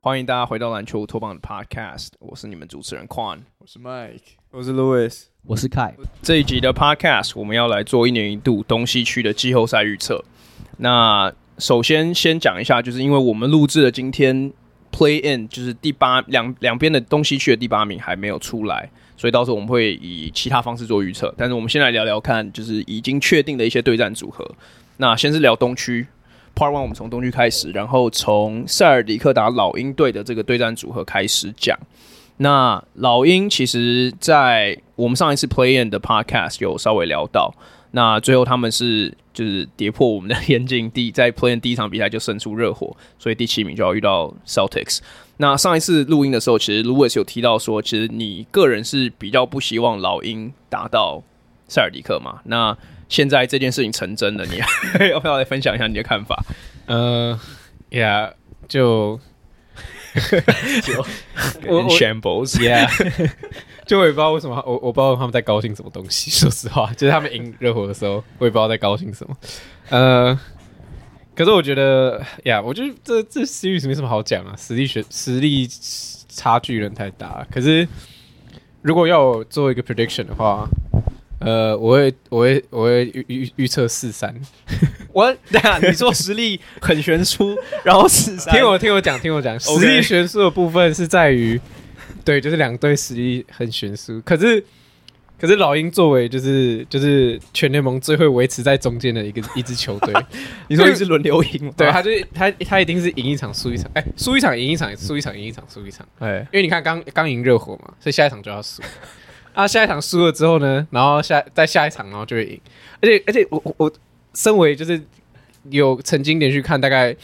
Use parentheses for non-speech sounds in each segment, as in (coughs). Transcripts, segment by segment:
歡迎大家回到籃球烏托邦的 Podcast，我是你們主持人 Kwan，我是 Mike，我是 Louis，我是 Kai。這一集的 Podcast 我們要來做一年一度東西區的季後賽預測。那首先先講一下，就是因為我們錄製的今天。Play in 就是第八兩兩邊的東西區的第八名還沒有出來，所以到時候我們會以其他方式做預測。但是我們先來聊聊看，就是已經確定的一些對戰組合。那先是聊東區，Part One 我們從東區開始，然後從塞爾提克打老鷹隊的這個對戰組合開始講。那老鷹其實在我們上一次 Play in 的 Podcast 有稍微聊到。那最後他們是就是跌破我們的眼鏡，在 play-in 第一場比賽就勝出熱火，所以第七名就要遇到 Celtics。那上一次錄音的時候，其實 Lewis 是有提到說，其實你個人是比較不希望老鷹打到塞爾提克嘛。那現在這件事情成真了，你要不要來分享一下你的看法？Uh, yeah，就， (laughs) 就，in shambles，yeah。 (laughs) amb (laughs) 就我也不知道為什麼，我我不知道他們在高興什麼東西。說實話，就是他們贏熱火的時候，我也不知道在高興什麼。呃、uh,，可是我覺得呀，yeah, 我覺得這這 series 是沒什麼好講啊，實力懸實力差距有點太大，可是如果要我做一個 prediction 的話，呃、uh,，我會我會我會預預預測四三。我， (laughs) 你說實力很懸殊， (laughs) 然後四三。聽我聽我講聽我講，Okay. 實力懸殊的部分是在於。對，就是兩隊實力很懸殊，可是，可是老鷹作為就是就是全聯盟最會維持在中間的一個 (laughs) 一支球隊，你說一直輪流贏，對， (laughs) 對，他就他他一定是贏一場輸一場，哎、欸，輸一場贏一場，輸一場贏一,一場，輸一場，哎，因為你看剛剛贏熱火嘛，所以下一場就要輸， (laughs) 啊，下一場輸了之後呢，然後下在下一場然後就會贏，而且而且我我我身為就是有曾經連續看大概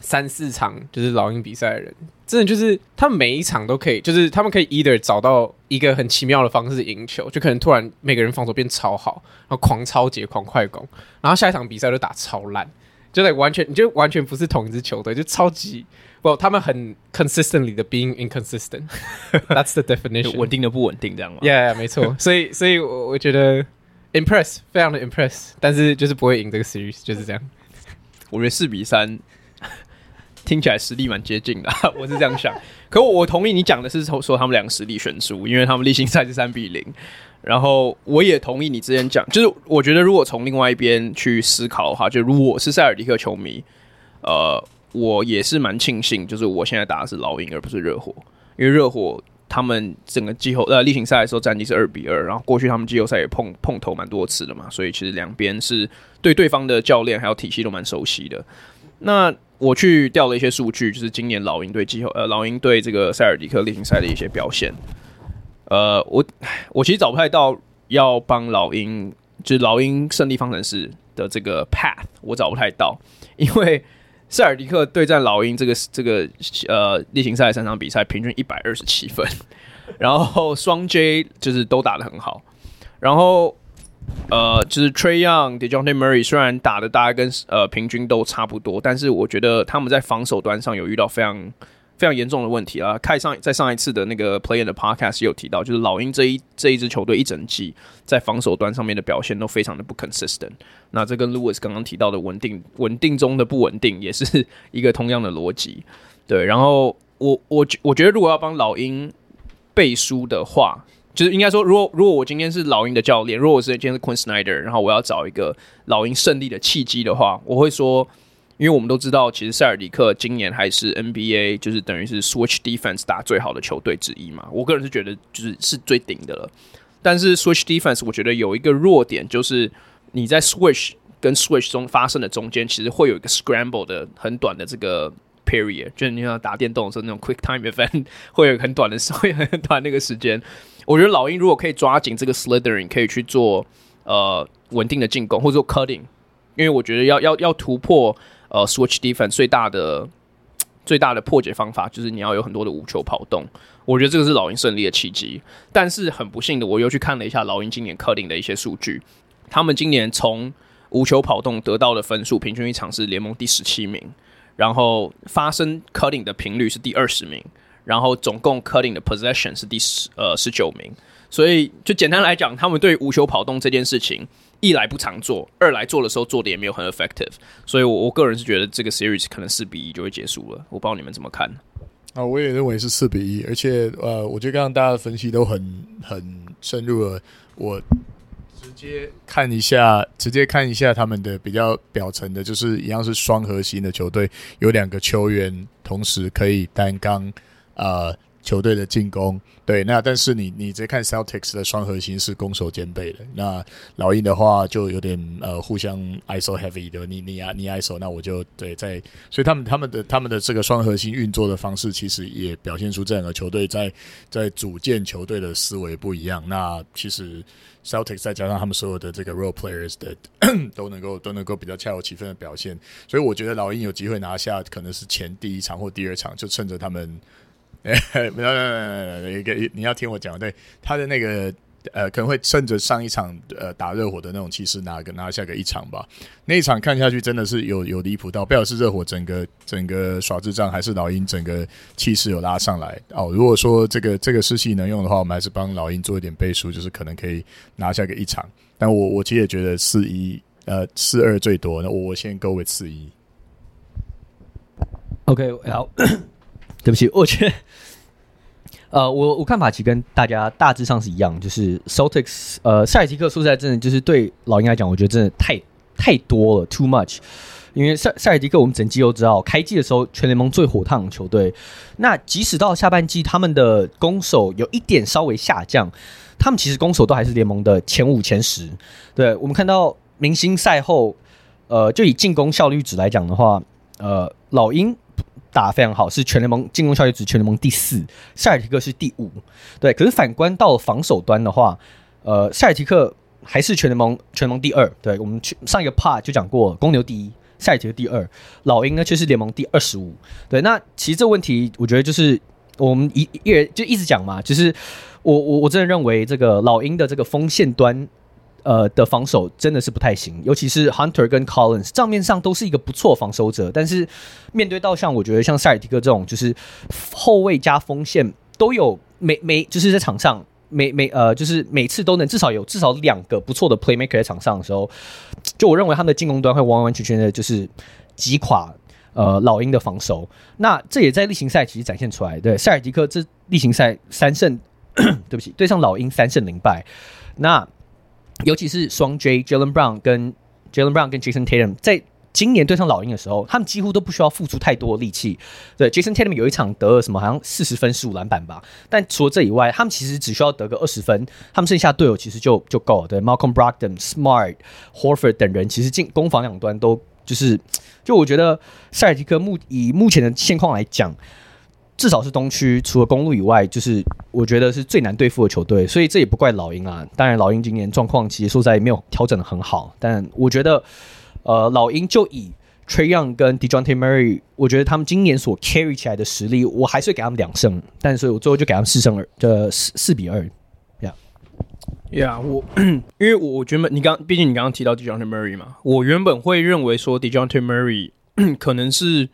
三四場就是老鷹比賽的人。真的就是，他們每一場都可以，就是他們可以 either 找到一個很奇妙的方式贏球，就可能突然每個人防守變超好，然後狂抄截、狂快攻，然後下一場比賽就打超爛，就得、like、完全，就完全不是同一支球隊，就超級不，well, 他們很 consistently 的 being inconsistent，That's (laughs) the definition，穩定的不穩定這樣嗎？Yeah,Yeah，沒錯，所以所以我我覺得 impress 非常的 impress，但是就是不會贏這個 series，就是這樣，我覺得四比三。聽起來實力蠻接近的， (laughs) 我是這樣想。可我同意你講的是，說他們兩個實力懸殊，因為他們例行賽是三比零。然後我也同意你之前講，就是我覺得如果從另外一邊去思考的話，就如果是塞爾迪克球迷，呃，我也是蠻慶幸，就是我現在打的是老鷹而不是熱火，因為熱火他們整個季後呃例行賽的時候戰績是二比二，然後過去他們季後賽也碰碰頭蠻多次的嘛，所以其實兩邊是對對方的教練還有體系都蠻熟悉的。那我去調了一些數據，就是今年老鷹對季後，呃，老鷹對這個塞爾提克例行賽的一些表現。呃，我我其實找不太到要幫老鷹，就是老鷹勝利方程式的這個 path，我找不太到，因為塞爾提克對戰老鷹這個這個呃例行賽三場比賽平均一百二十七分，然後雙 J 就是都打得很好，然後。呃，就是 Trey Young De、Dejounte Murray，雖然打的大概跟呃平均都差不多，但是我覺得他們在防守端上有遇到非常非常嚴重的問題啦。看上在上一次的那個 play in the Podcast 也有提到，就是老鷹這一這一支球隊一整季在防守端上面的表現都非常的不 consistent。那這跟 Lewis 剛剛提到的穩定穩定中的不穩定，也是一個同樣的邏輯。對，然後我我我覺得如果要幫老鷹背書的話。就是應該說，如果如果我今天是老鷹的教練，如果我是今天是 Quinn Snyder，然後我要找一個老鷹勝利的契機的話，我會說，因為我們都知道，其實塞爾提克今年還是 NBA 就是等於是 Switch Defense 打最好的球隊之一嘛。我個人是覺得就是是最頂的了。但是 Switch Defense 我覺得有一個弱點，就是你在 Switch 跟 Switch 中發生的中間，其實會有一個 Scramble 的很短的這個 Period，就是你要打電動的時候，那種 Quick Time Event 會有很短的，會很短那個時間。我覺得老鷹如果可以抓緊這個 Slithering，可以去做呃穩定的進攻，或者說 Cutting，因為我覺得要要要突破呃 Switch Defense 最大的最大的破解方法，就是你要有很多的無球跑動。我覺得這個是老鷹勝利的契機。但是很不幸的，我又去看了一下老鷹今年 Cutting 的一些數據，他們今年從無球跑動得到的分數，平均一場是聯盟第十七名。然後發生 cutting 的頻率是第二十名，然後總共 cutting 的 possession 是第十呃，十九名，所以就簡單來講，他們對無球跑動這件事情，一來不常做，二來做的時候做的也沒有很 effective，所以我我個人是覺得這個 series 可能四比一就會結束了，我不知道你們怎麼看啊，我也認為是四比一，而且呃，我覺得剛剛大家的分析都很很深入了，我。直接看一下，直接看一下他們的比較表層的，就是一樣是雙核心的球隊，有兩個球員同時可以擔綱啊球隊的進攻。對，那但是你你直接看 Celtics 的雙核心是攻守兼備的，那老鷹的話就有點呃互相 ISO heavy 的，你你、啊、你 ISO，那我就對在，所以他們他們的他們的這個雙核心運作的方式，其實也表現出這兩個球隊在在組建球隊的思維不一樣。那其實。Celtics 再加上他們所有的這個 role players 的都能夠都能夠比較恰如其分的表現，所以我覺得老鷹有機會拿下，可能是前第一場或第二場，就趁着他們，一 (laughs) 個你要聽我講，對，他的那個。呃，可能會趁着上一場呃打熱火的那種氣勢拿個拿下個一場吧。那一場看下去真的是有有離譜到，不曉得是熱火整個整個耍智障，還是老鷹整個氣勢有拉上來哦。如果說這個這個士氣能用的話，我們還是幫老鷹做一點背書，就是可能可以拿下個一場。但我我其實也覺得四一呃四二最多，那我先勾個四一。OK，好 (coughs) ，對不起，我去。呃，我我看法其實跟大家大致上是一樣，就是 Celtics 呃，塞爾提克說實在，真的，就是對老鷹來講，我覺得真的太太多了，too much。因為賽塞爾提克，我們整季都知道，開季的時候全聯盟最火燙的球隊，那即使到下半季，他們的攻守有一點稍微下降，他們其實攻守都還是聯盟的前五前十。對，我們看到明星賽後，呃，就以進攻效率值來講的話，呃，老鷹。打得非常好，是全聯盟進攻效率值全聯盟第四，塞爾提克是第五。對，可是反觀到了防守端的話，呃，塞爾提克還是全聯盟全聯盟第二。對，我們去上一個 part 就講過，公牛第一，塞爾提克第二，老鷹呢卻是聯盟第二十五。對，那其實這問題，我覺得就是我們一一直就一直講嘛，就是我我我真的認為這個老鷹的這個鋒線端。呃，的防守真的是不太行，尤其是 Hunter 跟 Collins 賬面上都是一個不錯防守者，但是面對到像我覺得像塞爾提克這種，就是後衛加鋒線都有每，每每就是在場上每每呃，就是每次都能至少有至少兩個不錯的 Playmaker 在場上的時候，就我認為他們的進攻端會完完全全的就是擊垮呃老鷹的防守。那這也在例行賽其實展現出來，對塞爾提克這例行賽三勝， (coughs) 對不起，對上老鷹三勝零敗，那。尤其是雙 J，Jalen Brown 跟 Jalen Brown 跟 Jason Tatum，在今年對上老鷹的時候，他們幾乎都不需要付出太多的力氣。對，Jason Tatum 有一場得了什麼，好像四十分十五籃板吧。但除了這以外，他們其實只需要得個二十分，他們剩下隊友其實就就夠了。對 m a l c o l m b r c k d o n Smart、Horford 等人，其實進攻防兩端都就是，就我覺得塞爾吉克目以目前的現況來講。至少是東區，除了公鹿以外，就是我覺得是最難對付的球隊。所以這也不怪老鷹啊。當然，老鷹今年狀況其實說實在沒有調整的很好。但我覺得，呃，老鷹就以 Trey Young 跟 Dejounte Murray，我覺得他們今年所 carry 起來的實力，我還是會給他們兩勝。但是我最後就給他們四勝二、yeah，呃、yeah,，四四比二，呀 (coughs) 呀，我因為我原本你剛，畢竟你剛剛提到 Dejounte Murray 嘛，我原本會認為說 Dejounte Murray (coughs) 可能是。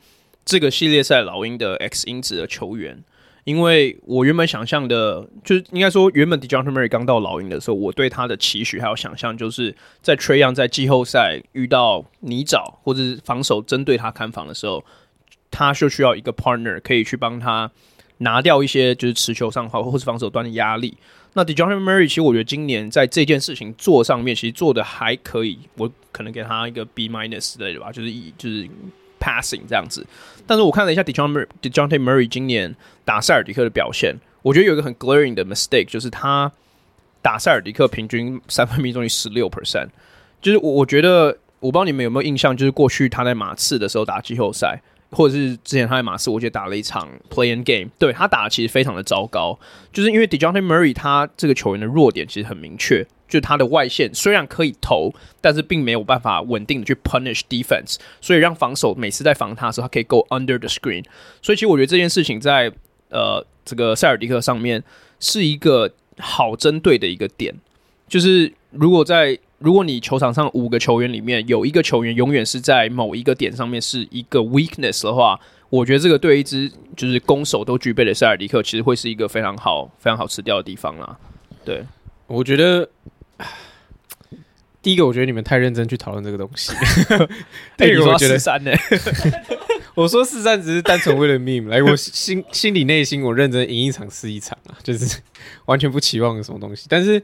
這個系列賽，老鷹的 X 因子的球員，因為我原本想象的，就是應該說，原本 Dejounte Murray 剛到老鷹的時候，我對他的期許還有想象，就是在 Trae Young 在季後賽遇到泥沼或者防守針對他看防的時候，他就需要一個 partner 可以去幫他拿掉一些就是持球上好或者防守端的壓力。那 Dejounte Murray 其實我覺得今年在這件事情做上面，其實做的還可以，我可能給他一個 B minus 之類的吧，就是以就是。passing 這樣子，但是我看了一下 DeJounte Murray 今年打塞爾迪克的表現，我覺得有一個很 glaring 的 mistake，就是他打塞爾迪克平均三分命中率十六 percent，就是我我覺得我不知道你們有沒有印象，就是過去他在馬刺的時候打季後賽，或者是之前他在馬刺，我覺得打了一場 play-in game，對，他打的其實非常的糟糕，就是因為 DeJounte Murray 他這個球員的弱點其實很明確。就他的外線雖然可以投，但是並沒有辦法穩定的去 punish defense，所以讓防守每次在防他的時候，他可以 go under the screen。所以其實我覺得這件事情在呃這個塞爾提克上面是一個好針對的一個點。就是如果在如果你球場上五個球員裡面有一個球員永遠是在某一個點上面是一個 weakness 的話，我覺得這個對一支就是攻守都具備的塞爾提克，其實會是一個非常好、非常好吃掉的地方啦。對，我覺得。第一個，我覺得你們太認真去討論這個東西、 (laughs) 欸。第二個，我覺得三呢，我說四三只是單純為了 meme (laughs) 來。我心心裡內心我認真贏一場是一場啊，就是完全不期望什麼東西。但是，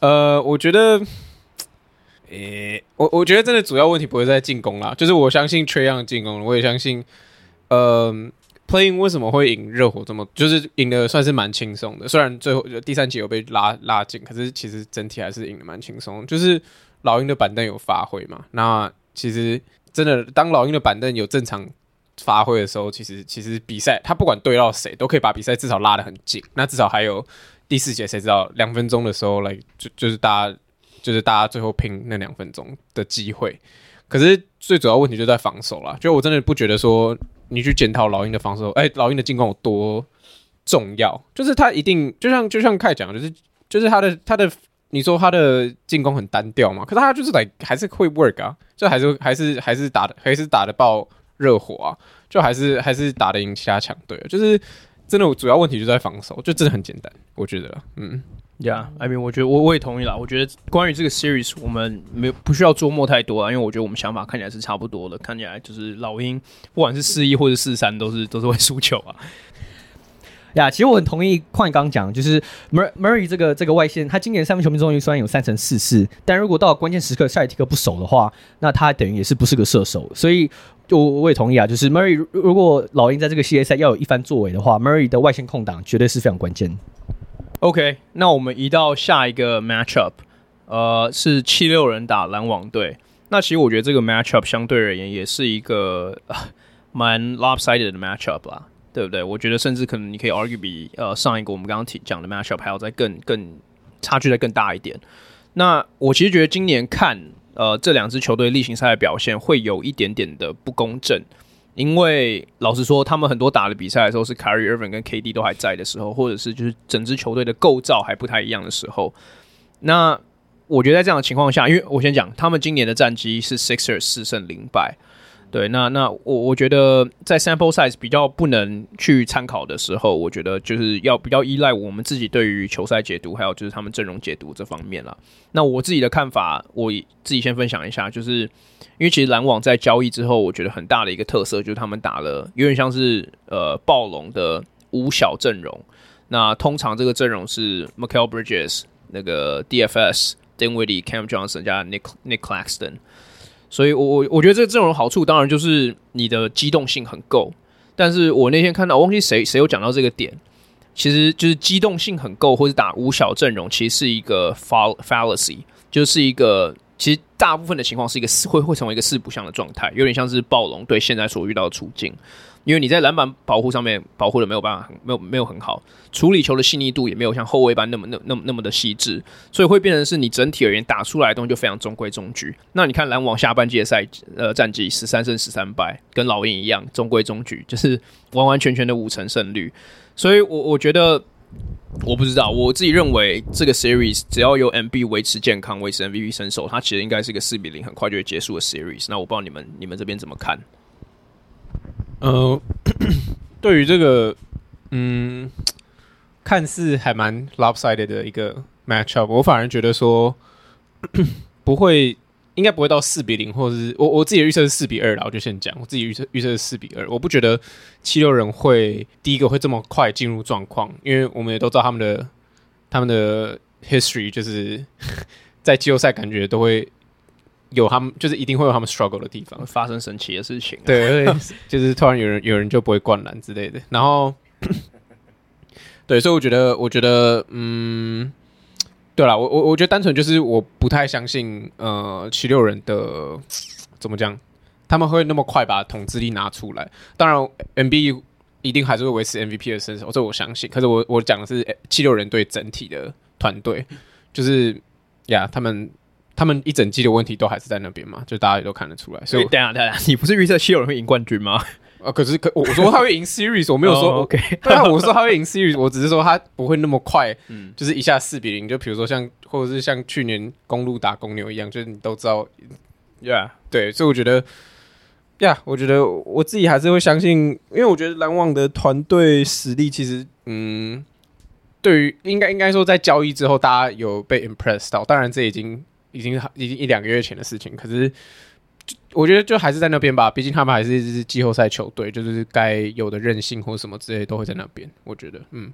呃，我覺得，誒、欸，我我覺得真的主要問題不會在進攻啦，就是我相信 Trae Young 進攻，了，我也相信，嗯、呃、，playing 為什麼會贏熱火這麼，就是贏的算是蠻輕鬆的。雖然最後第三節有被拉拉進，可是其實整體還是贏的蠻輕鬆，就是。老鷹的板凳有發揮嘛？那其實真的，當老鷹的板凳有正常發揮的時候，其實其實比賽他不管對到誰，都可以把比賽至少拉的很近。那至少還有第四節，誰知道兩分鐘的時候來，就就是大家就是大家最後拼那兩分鐘的機會。可是最主要問題就在防守啦。就我真的不覺得說你去檢討老鷹的防守，哎、欸，老鷹的進攻有多重要？就是他一定就像就像凱講，就是就是他的他的。你說他的進攻很單調嘛？可是他就是來還是會 work 啊，就還是還是還是打的還是打的爆熱火啊，就還是還是打得贏其他強隊，就是真的主要問題就是在防守，就真的很簡單，我覺得，嗯，Yeah, I mean，我覺得我我也同意啦，我覺得關於這個 series 我們沒有不需要琢磨太多啊，因為我覺得我們想法看起來是差不多的，看起來就是老鷹不管是四一或者四三都是都是會輸球啊。呀，yeah, 其實我很同意況剛講，就是 Murray Murray 這個這個外線，他今年三分球命中率雖然有三成四四，但如果到了關鍵時刻塞爾提克不守的話，那他等於也是不是個射手。所以，我我也同意啊，就是 Murray 如果老鷹在這個系列賽要有一番作為的話 Murray 的外線空檔絕對是非常關鍵。OK，那我們移到下一個 matchup，呃，是七六人打籃網隊。那其實我覺得這個 matchup 相對而言也是一個蠻、呃、lopsided 的 matchup 啦。對不對？我覺得甚至可能你可以 argue 比呃，上一個我們剛剛提講的 match up 還要再更更差距再更大一點。那我其實覺得今年看呃，這兩支球隊例行賽的表現會有一點點的不公正，因為老實說，他們很多打的比賽的時候是 Kyrie Irving 跟 KD 都還在的時候，或者是就是整支球隊的構造還不太一樣的時候。那我覺得在這樣的情況下，因為我先講，他們今年的戰績是 Sixers 四勝零敗。對，那那我我覺得在 sample size 比較不能去參考的時候，我覺得就是要比較依賴我們自己對於球賽解讀，還有就是他們陣容解讀這方面了。那我自己的看法，我自己先分享一下，就是因為其實籃網在交易之後，我覺得很大的一個特色就是他們打了有點像是呃暴龍的五小陣容。那通常這個陣容是 Mikal Bridges 那個 DFS，Dinwiddie，Cam (music) Johnson 加 Nick, Nick Nick Claxton。所以我，我我我覺得這個陣容好處，當然就是你的機動性很夠。但是我那天看到，我忘記誰誰有講到這個點，其實就是機動性很夠，或是打五小陣容，其實是一個 fall fallacy，就是一個其實大部分的情況是一個四會會成為一個四不像的狀態，有點像是暴龍對現在所遇到的處境。因為你在籃板保護上面保護的沒有辦法，沒有沒有很好，處理球的細膩度也沒有像後衛般那麼那那麼那麼的細緻，所以會變成是你整體而言打出來的東西就非常中規中矩。那你看籃網下半季的賽呃戰績十三勝十三敗，跟老鷹一樣中規中矩，就是完完全全的五成勝率。所以我我覺得，我不知道，我自己認為這個 series 只要有 Embiid 維持健康，維持 M V P 身手，他其實應該是一個四比零很快就會結束的 series。那我不知道你們你們這邊怎麼看？呃、uh, (coughs) 對於這個，嗯，看似還蠻 lopsided 的一個 matchup，我反而覺得說不會，應該不會到四比零，或者是我我自己預測是四比二啦，我就先講我自己預測預測是四比二，我不覺得七六人會第一個會這麼快進入狀況，因為我們也都知道他們的他們的 history 就是在季後賽感覺都會。有他們就是一定會有他們 struggle 的地方，會發生神奇的事情，啊對。對， (laughs) 就是突然有人有人就不會灌籃之類的。然後， (laughs) 對，所以我覺得，我覺得，嗯，對啦，我我我覺得單純就是我不太相信，呃，七六人的怎麼講，他們會那麼快把統治力拿出來。當然，M B E 一定還是會維持 M V P 的身手，這我相信。可是我我講的是欸、七六人隊整體的團隊，就是呀，他們。他們一整季的問題都還是在那邊嘛，就大家也都看得出來。所以、欸，等下，等下，你不是預測七六人會贏冠軍嗎？啊，可是可我說他會贏 series， (laughs) 我沒有說、oh, OK。 (laughs) 對我說他會贏 series，我只是說他不會那麼快，嗯，就是一下四比零。就比如說像，或者是像去年公鹿打公牛一樣，就是你都知道，Yeah，對。所以我覺得，呀、yeah,，我覺得我自己還是會相信，因為我覺得籃網的團隊實力其實，嗯，對於應該應該說在交易之後，大家有被 impressed 到。當然，這已經。已經已經一兩個月前的事情，可是我覺得就還是在那邊吧，畢竟他們還是一支季後賽球隊，就是該有的韌性或什麼之類都會在那邊。我覺得，嗯，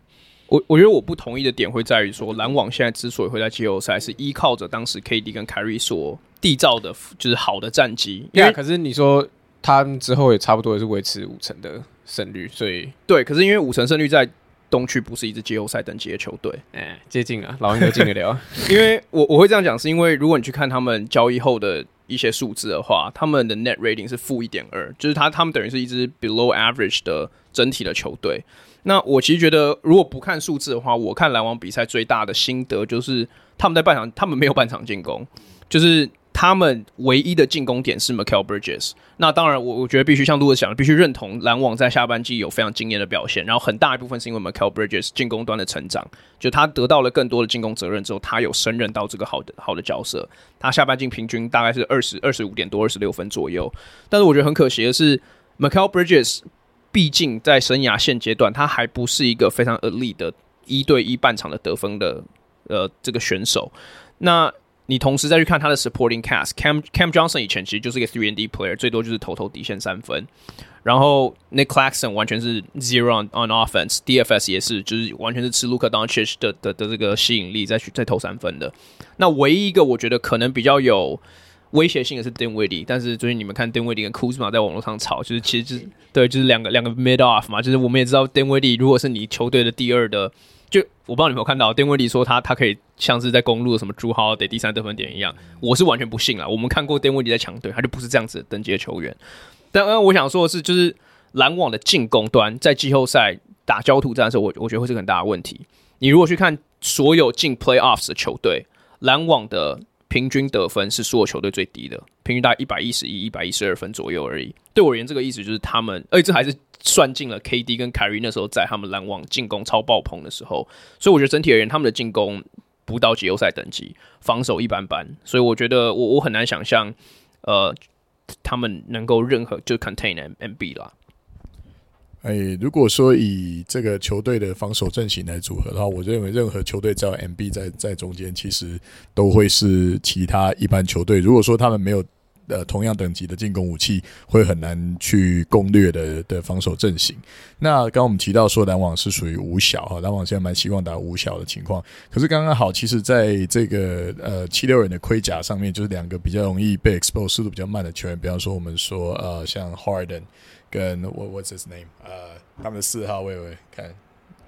我我覺得我不同意的點會在於說，籃網現在之所以會在季後賽，是依靠着當時 KD 跟凱瑞所締造的，就是好的戰績。呀，因為可是你說他之後也差不多也是維持五成的勝率，所以對，可是因為五成勝率在東區不是一支季後賽等級的球隊，哎，接近了，老鷹都進得了。 (laughs) 因為我我會這樣講，是因為如果你去看他們交易後的一些數字的話，他們的 net rating 是負一點二，2, 就是他他們等於是一支 below average 的整體的球隊。那我其實覺得，如果不看數字的話，我看籃網比賽最大的心得就是他們在半場，他們沒有半場進攻，就是。他們唯一的進攻點是 Mikal Bridges。那當然，我我覺得必須像陸哥講的，必須認同籃網在下半季有非常驚艷的表現。然後很大一部分是因為 Mikal Bridges 進攻端的成長，就他得到了更多的進攻責任之後，他有升任到這個好的好的角色。他下半季平均大概是二十二十五點多、二十六分左右。但是我覺得很可惜的是 Mikal Bridges 畢竟在生涯現階段，他還不是一個非常 elite 的一對一半場的得分的呃這個選手。那你同時再去看他的 supporting cast，Cam Cam Johnson 以前其實就是一個 three and D player，最多就是投投底線三分，然後 Nick Claxton 完全是 zero on offense，DFS 也是就是完全是吃 Luka Doncic 的的的這個吸引力再去再投三分的。那唯一一個我覺得可能比較有威脅性的是 Dinwiddie 但是最近你們看 Dinwiddie 跟 Kuzma 在網絡上吵，就是其實對就是兩、就是、個兩個 mid off 嘛，就是我們也知道 Dinwiddie 如果是你球隊的第二的。就我不知道你有沒有看到，丁威迪說他他可以像是在公鹿的什麼朱浩得第三得分點一樣，我是完全不信啊。我們看過丁威迪在強隊，他就不是這樣子的等級的球員。但剛剛我想說的是，就是籃網的進攻端在季後賽打焦土戰的時候，我我覺得會是個很大的問題。你如果去看所有進 playoffs 的球隊，籃網的。平均得分是所有球隊最低的，平均大概一百一十一、一百一十二分左右而已。對我而言，這個意思就是他們，而且這還是算進了 KD 跟 Kyrie 那時候在他們籃網進攻超爆棚的時候。所以我覺得整體而言，他們的進攻不到季後賽等級，防守一般般。所以我覺得我我很難想象，呃，他們能夠任何就 contain Embiid 啦。誒、哎，如果說以這個球隊的防守陣型來組合的話，我認為任何球隊只要 M B 在 MB 在，在中間，其實都會是其他一般球隊。如果說他們沒有呃同樣等級的進攻武器，會很難去攻略的的防守陣型。那剛剛我們提到說籃網是屬於五小哈，籃網現在蠻希望打五小的情況。可是剛剛好，其實在這個呃七六人的盔甲上面，就是兩個比較容易被 expose 速度比較慢的球員，比方說我們說呃像 Harden 跟我 What's his name？呃、uh,，他們四號位位看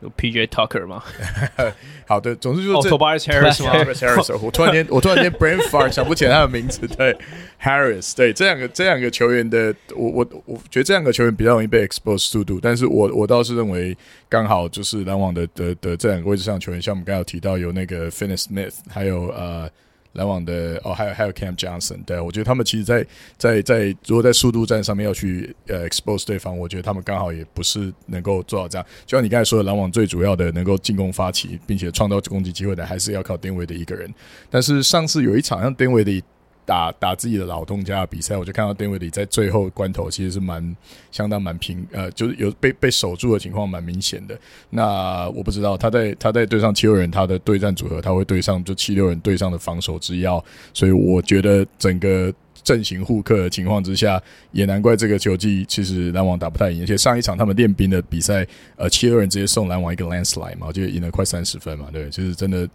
有 P. J. Tucker 嗎？ (laughs) 好的，總之就是 Tobias Harris 我突然間 (laughs) 我突然間 brain fart (laughs) 想不起來他的名字。對，Harris。對，這兩個這兩個球員的，我我我覺得這兩個球員比較容易被 expose 速度，但是我我倒是認為剛好就是籃網的的的這兩個位置上的球員，像我們剛才有提到有那個 Finney-Smith，還有呃。籃網的哦，還有還有 Cam Johnson，對，我覺得他們其實在，在在在如果在速度戰上面要去呃 expose 對方，我覺得他們剛好也不是能夠做到這樣。就像你剛才說的，籃網最主要的能夠進攻發起並且創造攻擊機會的，還是要靠丁威的一個人。但是上次有一場，讓丁威的一。打打自己的老東家的比賽，我就看到 Dinwiddie 在最後關頭其實是蠻相當蠻平，呃，就是有被被守住的情況蠻明顯的。那我不知道他在他在對上七六人，他的對戰組合他會對上就七六人對上的防守之要，所以我覺得整個陣型互剋的情況之下，也難怪這個球季其實籃網打不太贏。而且上一場他們練兵的比賽，呃，七六人直接送籃網一個 landslide 嘛，就贏了快三十分嘛，對，就是真的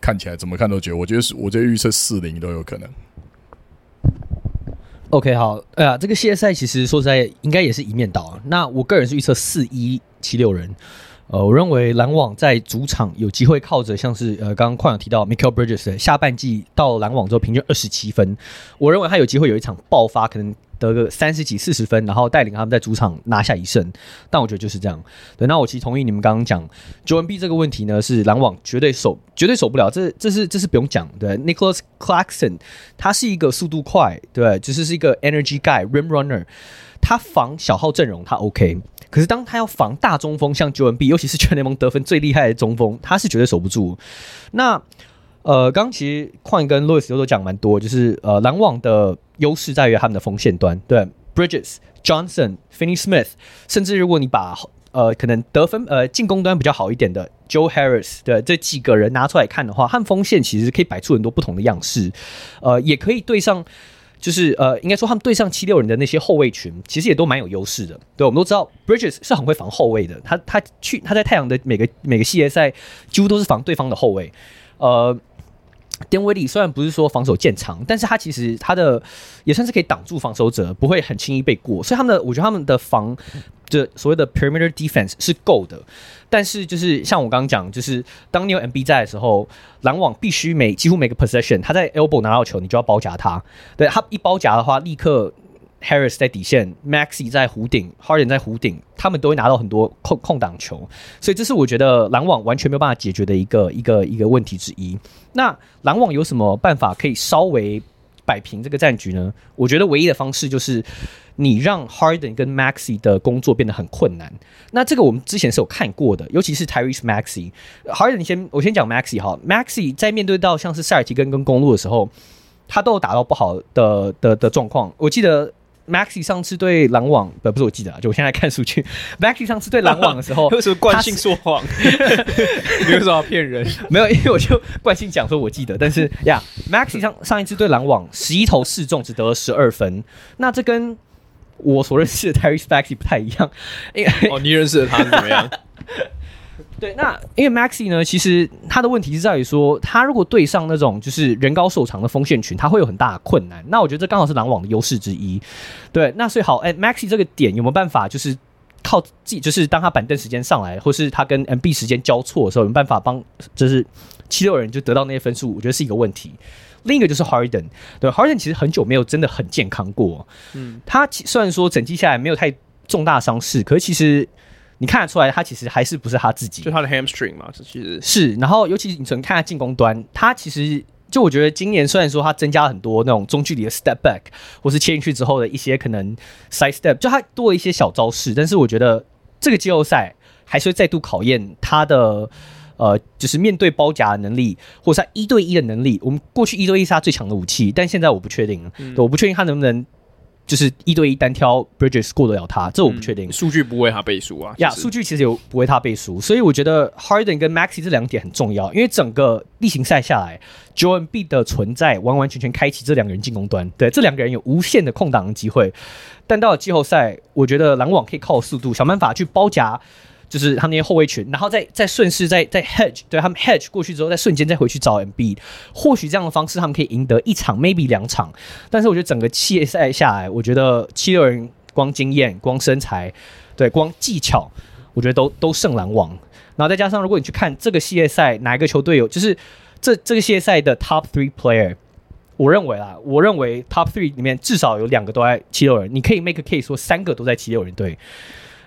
看起來怎麼看都覺得，我覺得我覺得預測四零都有可能。OK，好，哎、啊、呀，這個系列賽其實說實在，應該也是一面倒啊。那我個人是預測四一七六人，呃，我認為籃網在主場有機會靠着像是呃，剛剛曠友提到 Mikal Bridges 下半季到籃網之後平均二十七分，我認為他有機會有一場爆發，可能。得個三十幾四十分，然後帶領他們在主場拿下一勝，但我覺得就是這樣。對，那我其實同意你們剛剛講 Joel Embiid 這個問題呢，是籃網絕對守絕對守不了，這這是這是不用講的。Nicholas Claxton 他是一個速度快，對，只、就是是一個 energy guy rim runner，他防小號陣容他 OK，可是當他要防大中鋒，像 Joel Embiid 尤其是全聯盟得分最厲害的中鋒，他是絕對守不住。那。呃，剛剛其實礦跟 Louis 都講蠻多，就是呃籃網的優勢在於他們的鋒線端，對，Bridges、Bridges, Johnson、Finney-Smith，甚至如果你把呃可能得分呃進攻端比較好一點的 Joe Harris 的這幾個人拿出來看的話，他們鋒線其實可以擺出很多不同的樣式，呃，也可以對上，就是呃，應該說他們對上七六人的那些後衛群，其實也都蠻有優勢的。對，我們都知道 Bridges 是很會防後衛的，他他去他在太陽的每個每個系列賽幾乎都是防對方的後衛，呃。丁威利雖然不是說防守見長，但是他其實他的也算是可以擋住防守者，不會很輕易被過，所以他們的我覺得他們的防，就所謂的 perimeter defense 是夠的。但是就是像我剛剛講，就是當 Embiid 在的時候，籃網必須每幾乎每個 possession，他在 elbow 拿到球，你就要包夾他，對，他一包夾的話，立刻。Harris 在底線，Maxi 在弧頂，Harden 在弧頂，他們都會拿到很多空空檔球，所以這是我覺得籃網完全沒有辦法解決的一個一個一個問題之一。那籃網有什麼辦法可以稍微擺平這個戰局呢？我覺得唯一的方式就是你讓 Harden 跟 Maxi 的工作變得很困難。那這個我們之前是有看過的，尤其是 Tyrese Maxi，Harden 先我先講 Maxi 哈，Maxi 在面對到像是塞爾提克跟跟公鹿的時候，他都有打到不好的的的狀況，我記得。Maxi 上次對籃網，呃，不是我記得，啊，就我現在看數據。Maxi 上次對籃網的時候，啊、有什麼慣性說謊？你為什麼要騙人？ (laughs) 沒有，因為我就慣性講說，我記得。但是呀、yeah，Maxi 上 (laughs) 上一次對籃網十一投四中，只得了十二分。那這跟我所認識的 Tyrese Maxey 不太一樣。因為哦，你認識的他怎麼樣？ (laughs) 對，那因為 Maxi 呢，其實他的問題是在於說，他如果對上那種就是人高手長的鋒線群，他會有很大的困難。那我覺得這剛好是狼網的優勢之一。對，那最好哎、欸，Maxi 這個點有沒有辦法，就是靠自己？就是當他板凳時間上來，或是他跟 MB 時間交錯的時候，有沒有辦法幫就是七六人就得到那些分數？我覺得是一個問題。另一個就是 Harden，對 Harden 其實很久沒有真的很健康過。嗯，他其雖然說整季下來沒有太重大傷勢，可是其實。你看得出來，他其實還是不是他自己？就他的 hamstring 嘛，其實是。然後，尤其你只能看他進攻端，他其實就我覺得，今年雖然說他增加了很多那種中距離的 step back，或是切進去之後的一些可能 side step，就他多了一些小招式。但是我覺得這個季後賽還是會再度考驗他的呃，就是面對包夾的能力，或者是他一對一的能力。我們過去一對一是他最強的武器，但現在我不確定、嗯、對我不確定他能不能。就是一對一單挑，Bridges 過得了他，這我不確定。數、嗯、據不為他背書啊。呀 Yeah,、就是，數據其實也不為他背書，所以我覺得 Harden 跟 Maxi 這兩點很重要，因為整個例行賽下來 Joel Embiid 的存在完完全全開啟這兩個人進攻端，對這兩個人有無限的空檔的機會。但到了季後賽，我覺得籃網可以靠速度想辦法去包夾。就是他們那些後衛群，然後再再順勢再再 hedge 對他們 hedge 過去之後，再瞬間再回去找 MB。或許這樣的方式他們可以贏得一場 maybe 兩場，但是我覺得整個系列賽下來，我覺得七六人光經驗、光身材、對光技巧，我覺得都都勝籃網。然後再加上如果你去看這個系列賽哪一個球隊有，就是這這個系列賽的 top three player，我認為啦，我認為 top three 裡面至少有兩個都在七六人，你可以 make a case 說三個都在七六人隊。對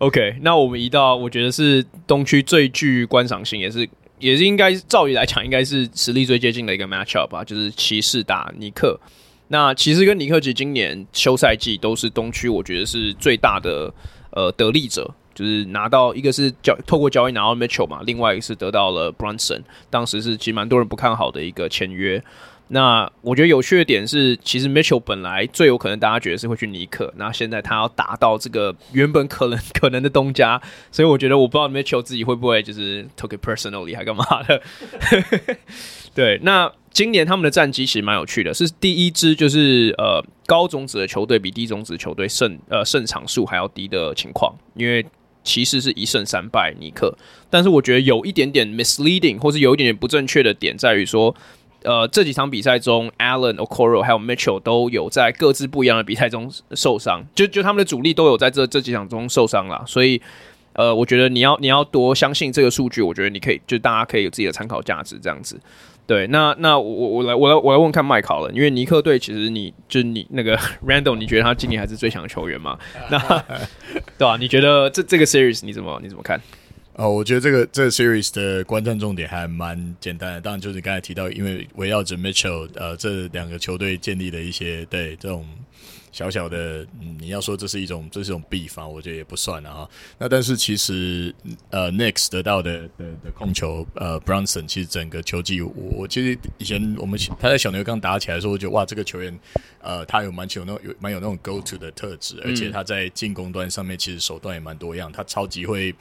OK，那我們移到我覺得是東區最具觀賞性也，也是也是應該照理來講，應該是實力最接近的一個 matchup 吧，就是騎士打尼克。那騎士跟尼克，其實今年休賽季都是東區，我覺得是最大的呃得利者，就是拿到一個是交透過交易拿到 Mitchell 嘛，另外一個是得到了 Brunson，當時是其實蠻多人不看好的一個簽約。那我覺得有趣的點是，其實 Mitchell 本來最有可能大家覺得是會去尼克，那現在他要打到這個原本可能可能的東家，所以我覺得我不知道 Mitchell 自己會不會就是 took it personally 還幹嘛的。 (laughs) 對，那今年他們的戰績其實蠻有趣的，是第一支就是呃高種子的球隊比低種子球隊勝呃勝場數還要低的情況，因為騎士是一勝三敗尼克，但是我覺得有一點點 misleading 或者有一點點不正確的點在於說。呃，這幾場比賽中，Allen、Okoro 還有 Mitchell 都有在各自不一樣的比賽中受傷，就就他們的主力都有在這這幾場中受傷啦。所以，呃，我覺得你要你要多相信這個數據，我覺得你可以，就大家可以有自己的參考價值這樣子。對，那那我我來我來我來問，問看 Mike 好了，因為尼克隊其實你就是你那個 Randle，你覺得他今年還是最強的球員嗎？那 (laughs) 對吧、啊？你覺得這這個 series 你怎麼你怎麼看？哦，我覺得這個這個 series 的觀戰重點還蠻簡單的，當然就是剛才提到，因為圍繞着 Mitchell，呃，這兩個球隊建立了一些，對，這種。小小的、嗯，你要說這是一種這是一種比方，我覺得也不算了、啊、哈、啊。那但是其實呃，Knicks 得到的的的控球呃，Brunson 其實整個球技，我其實以前我們他在小牛剛打起來的時候，我覺得哇，這個球員呃，他有蠻有那種有蠻有那種 Go To 的特質，嗯、而且他在進攻端上面其實手段也蠻多樣，他超級會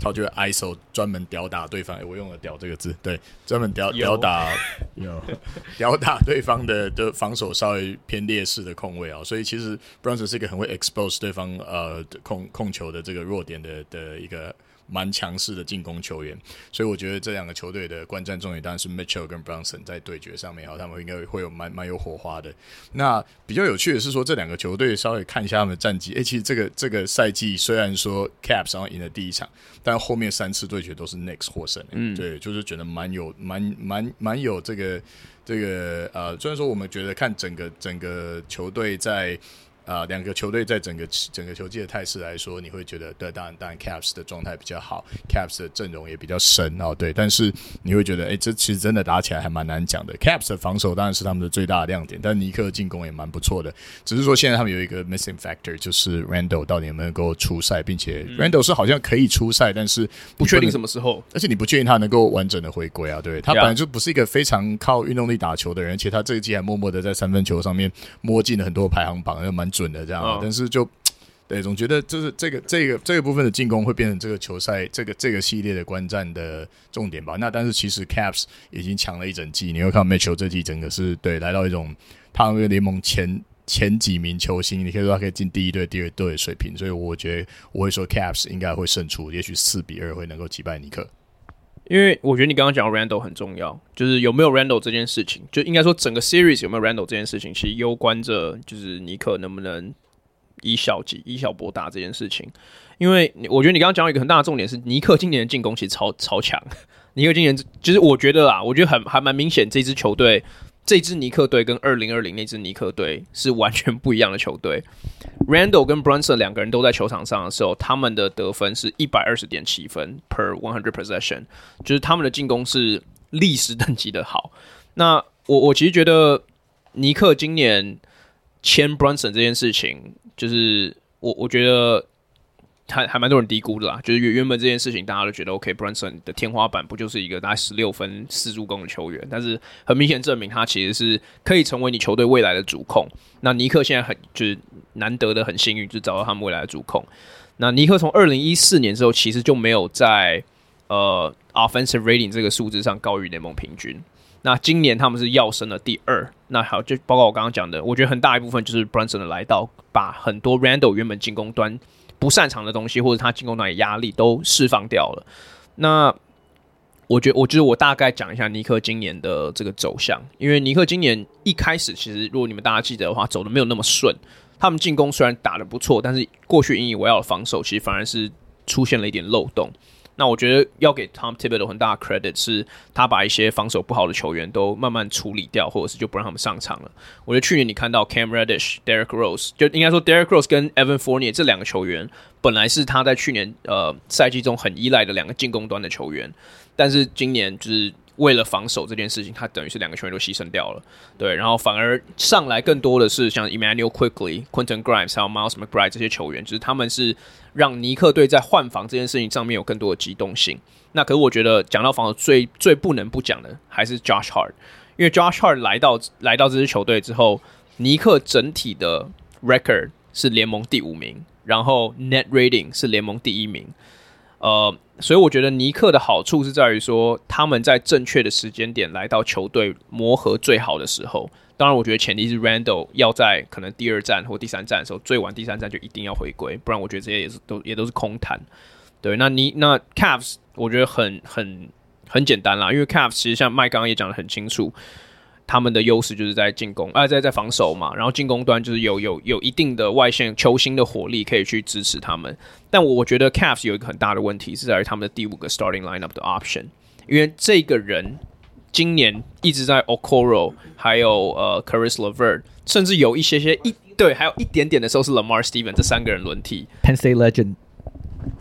超級會 ISO 專門屌打對方。欸、我用了“屌”這個字，對，專門屌屌打有 (laughs) 屌打對方的的防守稍微偏劣勢的控衛啊，所以。其實，Bronze 是一個很會 expose 對方呃，控控球的這個弱點的的一個蠻強勢的進攻球員，所以我覺得這兩個球隊的觀戰重點當然是 Mitchell 跟 Brunson 在對決上面好，他們應該會有蠻蠻有火花的。那比較有趣的是說，這兩個球隊稍微看一下他們的戰績，哎、欸，其實這個這個賽季雖然說 Cavs 然後贏了第一場，但後面三次對決都是 Knicks 獲勝、欸，嗯，對，就是覺得蠻有蠻蠻蠻有這個這個呃，雖然說我們覺得看整個整個球隊在。啊、呃，兩個球隊在整個整個球季的態勢來說，你會覺得的，當然當然，Caps 的狀態比較好，Caps 的陣容也比較深哦，對。但是你會覺得，哎，這其實真的打起來還蠻難講的。Caps 的防守當然是他們的最大的亮點，但尼克的進攻也蠻不錯的。只是說現在他們有一個 missing factor，就是 Randle 到底能不能夠出賽，並且 Randle 是好像可以出賽，但是不，不確定什麼時候。而且你不確定他能夠完整的回歸啊，對，他本來就不是一個非常靠運動力打球的人，而且他這一季還默默的在三分球上面摸進了很多排行榜，也蠻。準的這樣，但是就，對，總覺得就是這個這個這個部分的進攻會變成這個球賽這個這個系列的觀戰的重點吧。那但是其實 Caps 已經強了一整季，你會看 Mitchell 這季整個是對來到一種他那個聯盟前前幾名球星，你可以說他可以進第一隊、第二隊的水平。所以我覺得我會說 Caps 應該會勝出，也許四比二會能夠擊敗尼克。因為我覺得你剛剛講 Randle 很重要，就是有沒有 Randle 這件事情，就應該說整個 series 有沒有 Randle 這件事情，其實攸關着就是尼克能不能以小擊以小博大這件事情。因為我覺得你剛剛講了一個很大的重點是，尼克今年的進攻其實超超強，尼克今年其實、就是、我覺得啊，我覺得很還蠻明顯，這支球隊。這支尼克隊跟二零二零那支尼克隊是完全不一樣的球隊。Randle 跟 Brunson 兩個人都在球場上的時候，他們的得分是一百二十點七分 per one hundred possession，就是他們的進攻是歷史等級的好。那我我其實覺得尼克今年簽 Brunson 這件事情，就是我我覺得。還還蠻多人低估的啦，就是原原本這件事情，大家都覺得 OK，Brunson、OK，的天花板不就是一個大概十六分四助攻的球員，但是很明顯證明他其實是可以成為你球隊未來的主控。那尼克現在很就是難得的很幸運，就找到他們未來的主控。那尼克從二零一四年之後，其實就沒有在呃 offensive rating 這個數字上高於聯盟平均。那今年他們是要升了第二。那好，就包括我剛剛講的，我覺得很大一部分就是 Brunson 的來到，把很多 Randall 原本進攻端。不擅長的東西，或者他進攻那裡壓力都釋放掉了。那我覺得，我覺得我大概講一下尼克今年的這個走向。因為尼克今年一開始，其實如果你們大家記得的話，走的沒有那麼順。他們進攻雖然打的不錯，但是過去引以為傲的防守，其實反而是出現了一點漏洞。那我覺得要給 Tom Thibodeau 很大的 credit，是他把一些防守不好的球員都慢慢處理掉，或者是就不讓他們上場了。我覺得去年你看到 Cam Reddish、Derrick Rose，就應該說 Derrick Rose 跟 Evan Fournier 這兩個球員本來是他在去年呃賽季中很依賴的兩個進攻端的球員，但是今年就是。為了防守這件事情，他等於是兩個球員都犧牲掉了，對，然後反而上來更多的是像 Immanuel Quickley、Quentin Grimes 還有 Miles McBride 這些球員，就是他們是讓尼克隊在換防這件事情上面有更多的機動性。那可是我覺得講到防守最最不能不講的還是 Josh Hart，因為 Josh Hart 來到來到這支球隊之後，尼克整體的 Record 是聯盟第五名，然後 Net Rating 是聯盟第一名，呃。所以我覺得尼克的好處是在於說，他們在正確的時間點來到球隊磨合最好的時候。當然，我覺得前提是 Randle 要在可能第二戰或第三戰的時候，最晚第三戰就一定要回歸，不然我覺得這些也是都也都是空談。對，那你那 Cavs 我覺得很很很簡單啦，因為 Cavs 其實像麥剛剛也講得很清楚。他們的優勢就是在進攻，而、啊、在在防守嘛。然後進攻端就是有有有一定的外線球星的火力可以去支持他們。但我我覺得 Cavs 有一個很大的問題是在於他們的第五個 starting lineup 的 option，因為這個人今年一直在 Okoro 還有呃 Caris LeVert，甚至有一些些一對，還有一點點的時候是 Lamar Stevens 這三個人輪替。Penn State Legend。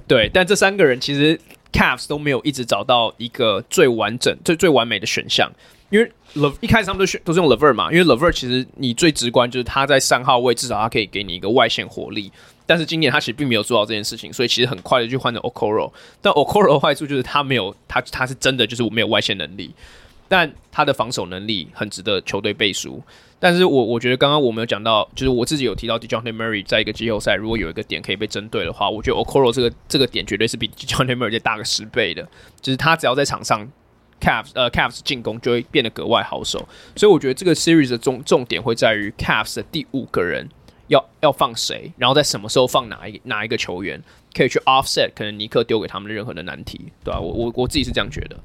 對，但這三個人其實 Cavs 都沒有一直找到一個最完整、最最完美的選項。因為勒一開始他們都選都是用 LeVert 嘛，因為 LeVert 其實你最直觀就是他在三號位至少他可以給你一個外線火力，但是今年他其實並沒有做到這件事情，所以其實很快的就換成 Okoro，但 Okoro 的壞處就是他沒有他他是真的就是沒有外線能力，但他的防守能力很值得球隊背書。但是我我覺得剛剛我們有講到，就是我自己有提到 Dejounte Murray 在一個季後賽如果有一個點可以被針對的話，我覺得 Okoro 這個這個點絕對是比 Dejounte Murray 大個十倍的，就是他只要在場上。Cavs 呃，Cavs 進攻就會變得格外好守，所以我覺得這個 series 的重重點會在於 Cavs 的第五個人要要放誰，然後在什麼時候放哪一哪一個球員可以去 offset 可能尼克丟給他們的任何的難題，對吧？啊？我我我自己是這樣覺得。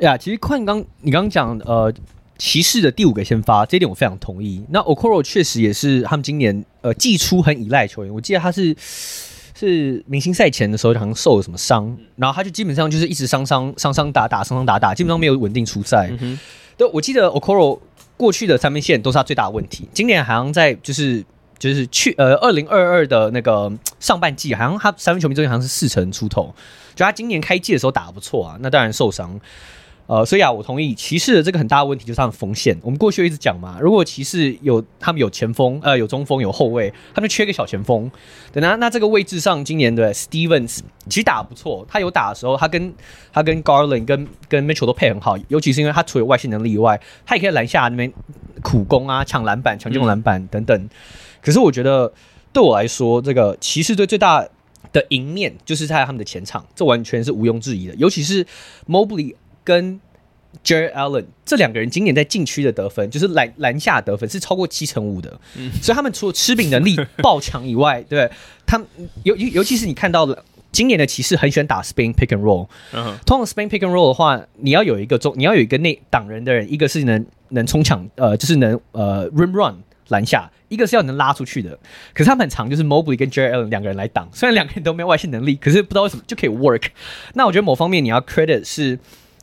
呀，yeah, 其實看剛你剛剛講呃，騎士的第五個先發，這一點我非常同意。那 Okoro 確實也是他們今年呃季初很依賴球員，我記得他是。是明星賽前的時候好像受了什麼傷，然後他就基本上就是一直傷傷傷傷打打傷傷打打，基本上沒有穩定出賽。嗯、哼對，我記得 Okoro 過去的三分線都是他最大的問題。今年好像在就是就是去呃二零二二的那個上半季，好像他三分球命中率好像是四成出頭。就他今年開季的時候打得不錯啊，那當然受傷。呃，所以啊，我同意騎士的這個很大的問題就是他們鋒線。我們過去一直講嘛，如果騎士有他們有前鋒，呃，有中鋒，有後衛，他們缺個小前鋒。對啊，那這個位置上，今年的 Stevens 其實打得不錯。他有打的時候，他跟他跟 Garland、跟跟 Mitchell 都配很好，尤其是因為他除了外線能力以外，他也可以籃下那邊苦攻啊，搶籃板、搶進攻籃板等等。嗯、可是我覺得對我來說，這個騎士隊最大的贏面就是在他們的前場，這完全是毋庸置疑的，尤其是 Mobley。跟 Jarrett Allen 這兩個人今年在禁區的得分，就是籃籃下得分是超過七成五的，嗯、所以他們除了吃餅能力爆強以外， (laughs) 對，他尤尤尤其是你看到了今年的騎士很喜歡打 Spain pick and roll，uh huh. 通常 Spain pick and roll 的話，你要有一個中，你要有一個內擋人的人，一個是能能衝搶，呃，就是能呃 rim run 籃下，一個是要能拉出去的，可是他們很常，就是 Mobley 跟 Jarrett Allen 兩個人來擋，雖然兩個人都沒有外線能力，可是不知道為什麼就可以 work。那我覺得某方面你要 credit 是。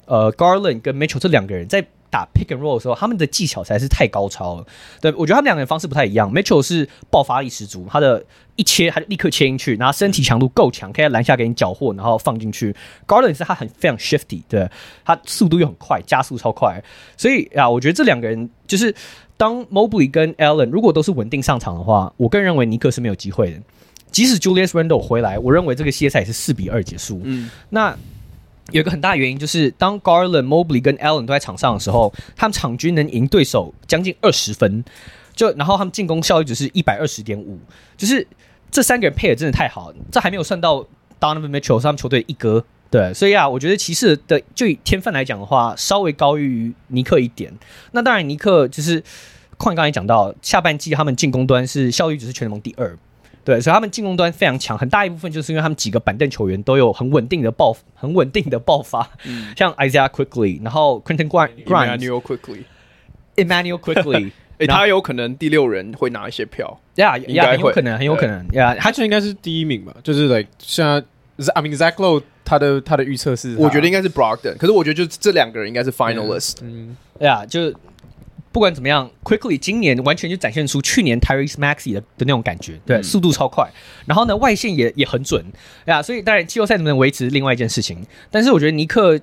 呃，Garland 跟 Mitchell 這兩個人在打 pick and roll 的時候，他們的技巧實在是太高超了。對，我覺得他們兩個人方式不太一樣。Mitchell 是爆發力十足，他的一切他就立刻切進去，然後身體強度夠強，可以在籃下給你繳獲，然後放進去。Garland 是他很非常 shifty，對，他速度又很快，加速超快。所以啊，我覺得這兩個人就是當 Mobley 跟 Allen 如果都是穩定上場的話，我更認為尼克是沒有機會的。即使 Julius Randle 回來，我認為這個系列賽是四比二結束。嗯，那。有一個很大的原因就是，當 Garland、Mobley 跟 Allen 都在場上的時候，他們場均能贏對手將近二十分，就然後他們進攻效率只是一百二十點五，就是這三個人配的真的太好，這還沒有算到 Donovan Mitchell 是他們球隊一哥，對，所以啊，我覺得騎士的就以天分來講的話，稍微高於尼克一點。那當然，尼克就是況且剛才講到，下半季他們進攻端是效率只是全聯盟第二。對，所以他們進攻端非常強，很大一部分就是因為他們幾個板凳球員都有很穩定的爆，很穩定的爆發。像 Isaiah Quickley，然後 Quentin Grimes，Immanuel Quickley Immanuel Quickley，他有可能第六人會拿一些票。Yeah，應該會，很有可能，很有可能。Yeah，他就應該是第一名吧。就是 like 像 I mean Zach Lowe 他的他的預測是，我覺得應該是 Brogdon，可是我覺得就這兩個人應該是 finalist。嗯，Yeah，就。不管怎麼樣，Quickley 今年完全就展現出去年 Tyrese Maxey 的的那種感覺，對，速度超快，嗯、然後呢，外線也也很準，對呀，所以當然季後賽能不能維持，另外一件事情，但是我覺得尼克。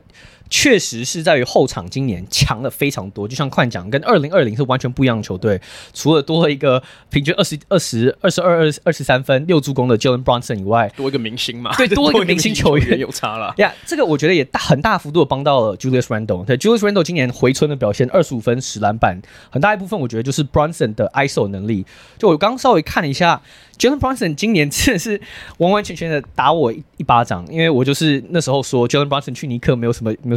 確實是在於後場，今年強了非常多。就像快講，跟二零二零是完全不一樣的球隊。除了多了一個平均二十二、十二、十二、二十三分、六助攻的 Jalen Brunson 以外，多一個明星嘛？ (laughs) 對，多一，多一個明星球員有差了呀。Yeah, 這個我覺得也大很大幅度的幫到了 Julius Randle, 對 Julius Randle。但 Julius Randle 今年回春的表現，二十五分、十籃板，很大一部分我覺得就是 Brunson 的 ISO 能力。就我剛稍微看了一下 Jalen Brunson 今年真的是完完全全的打我一,一巴掌，因為我就是那時候說 Jalen Brunson 去尼克沒有什麼沒有。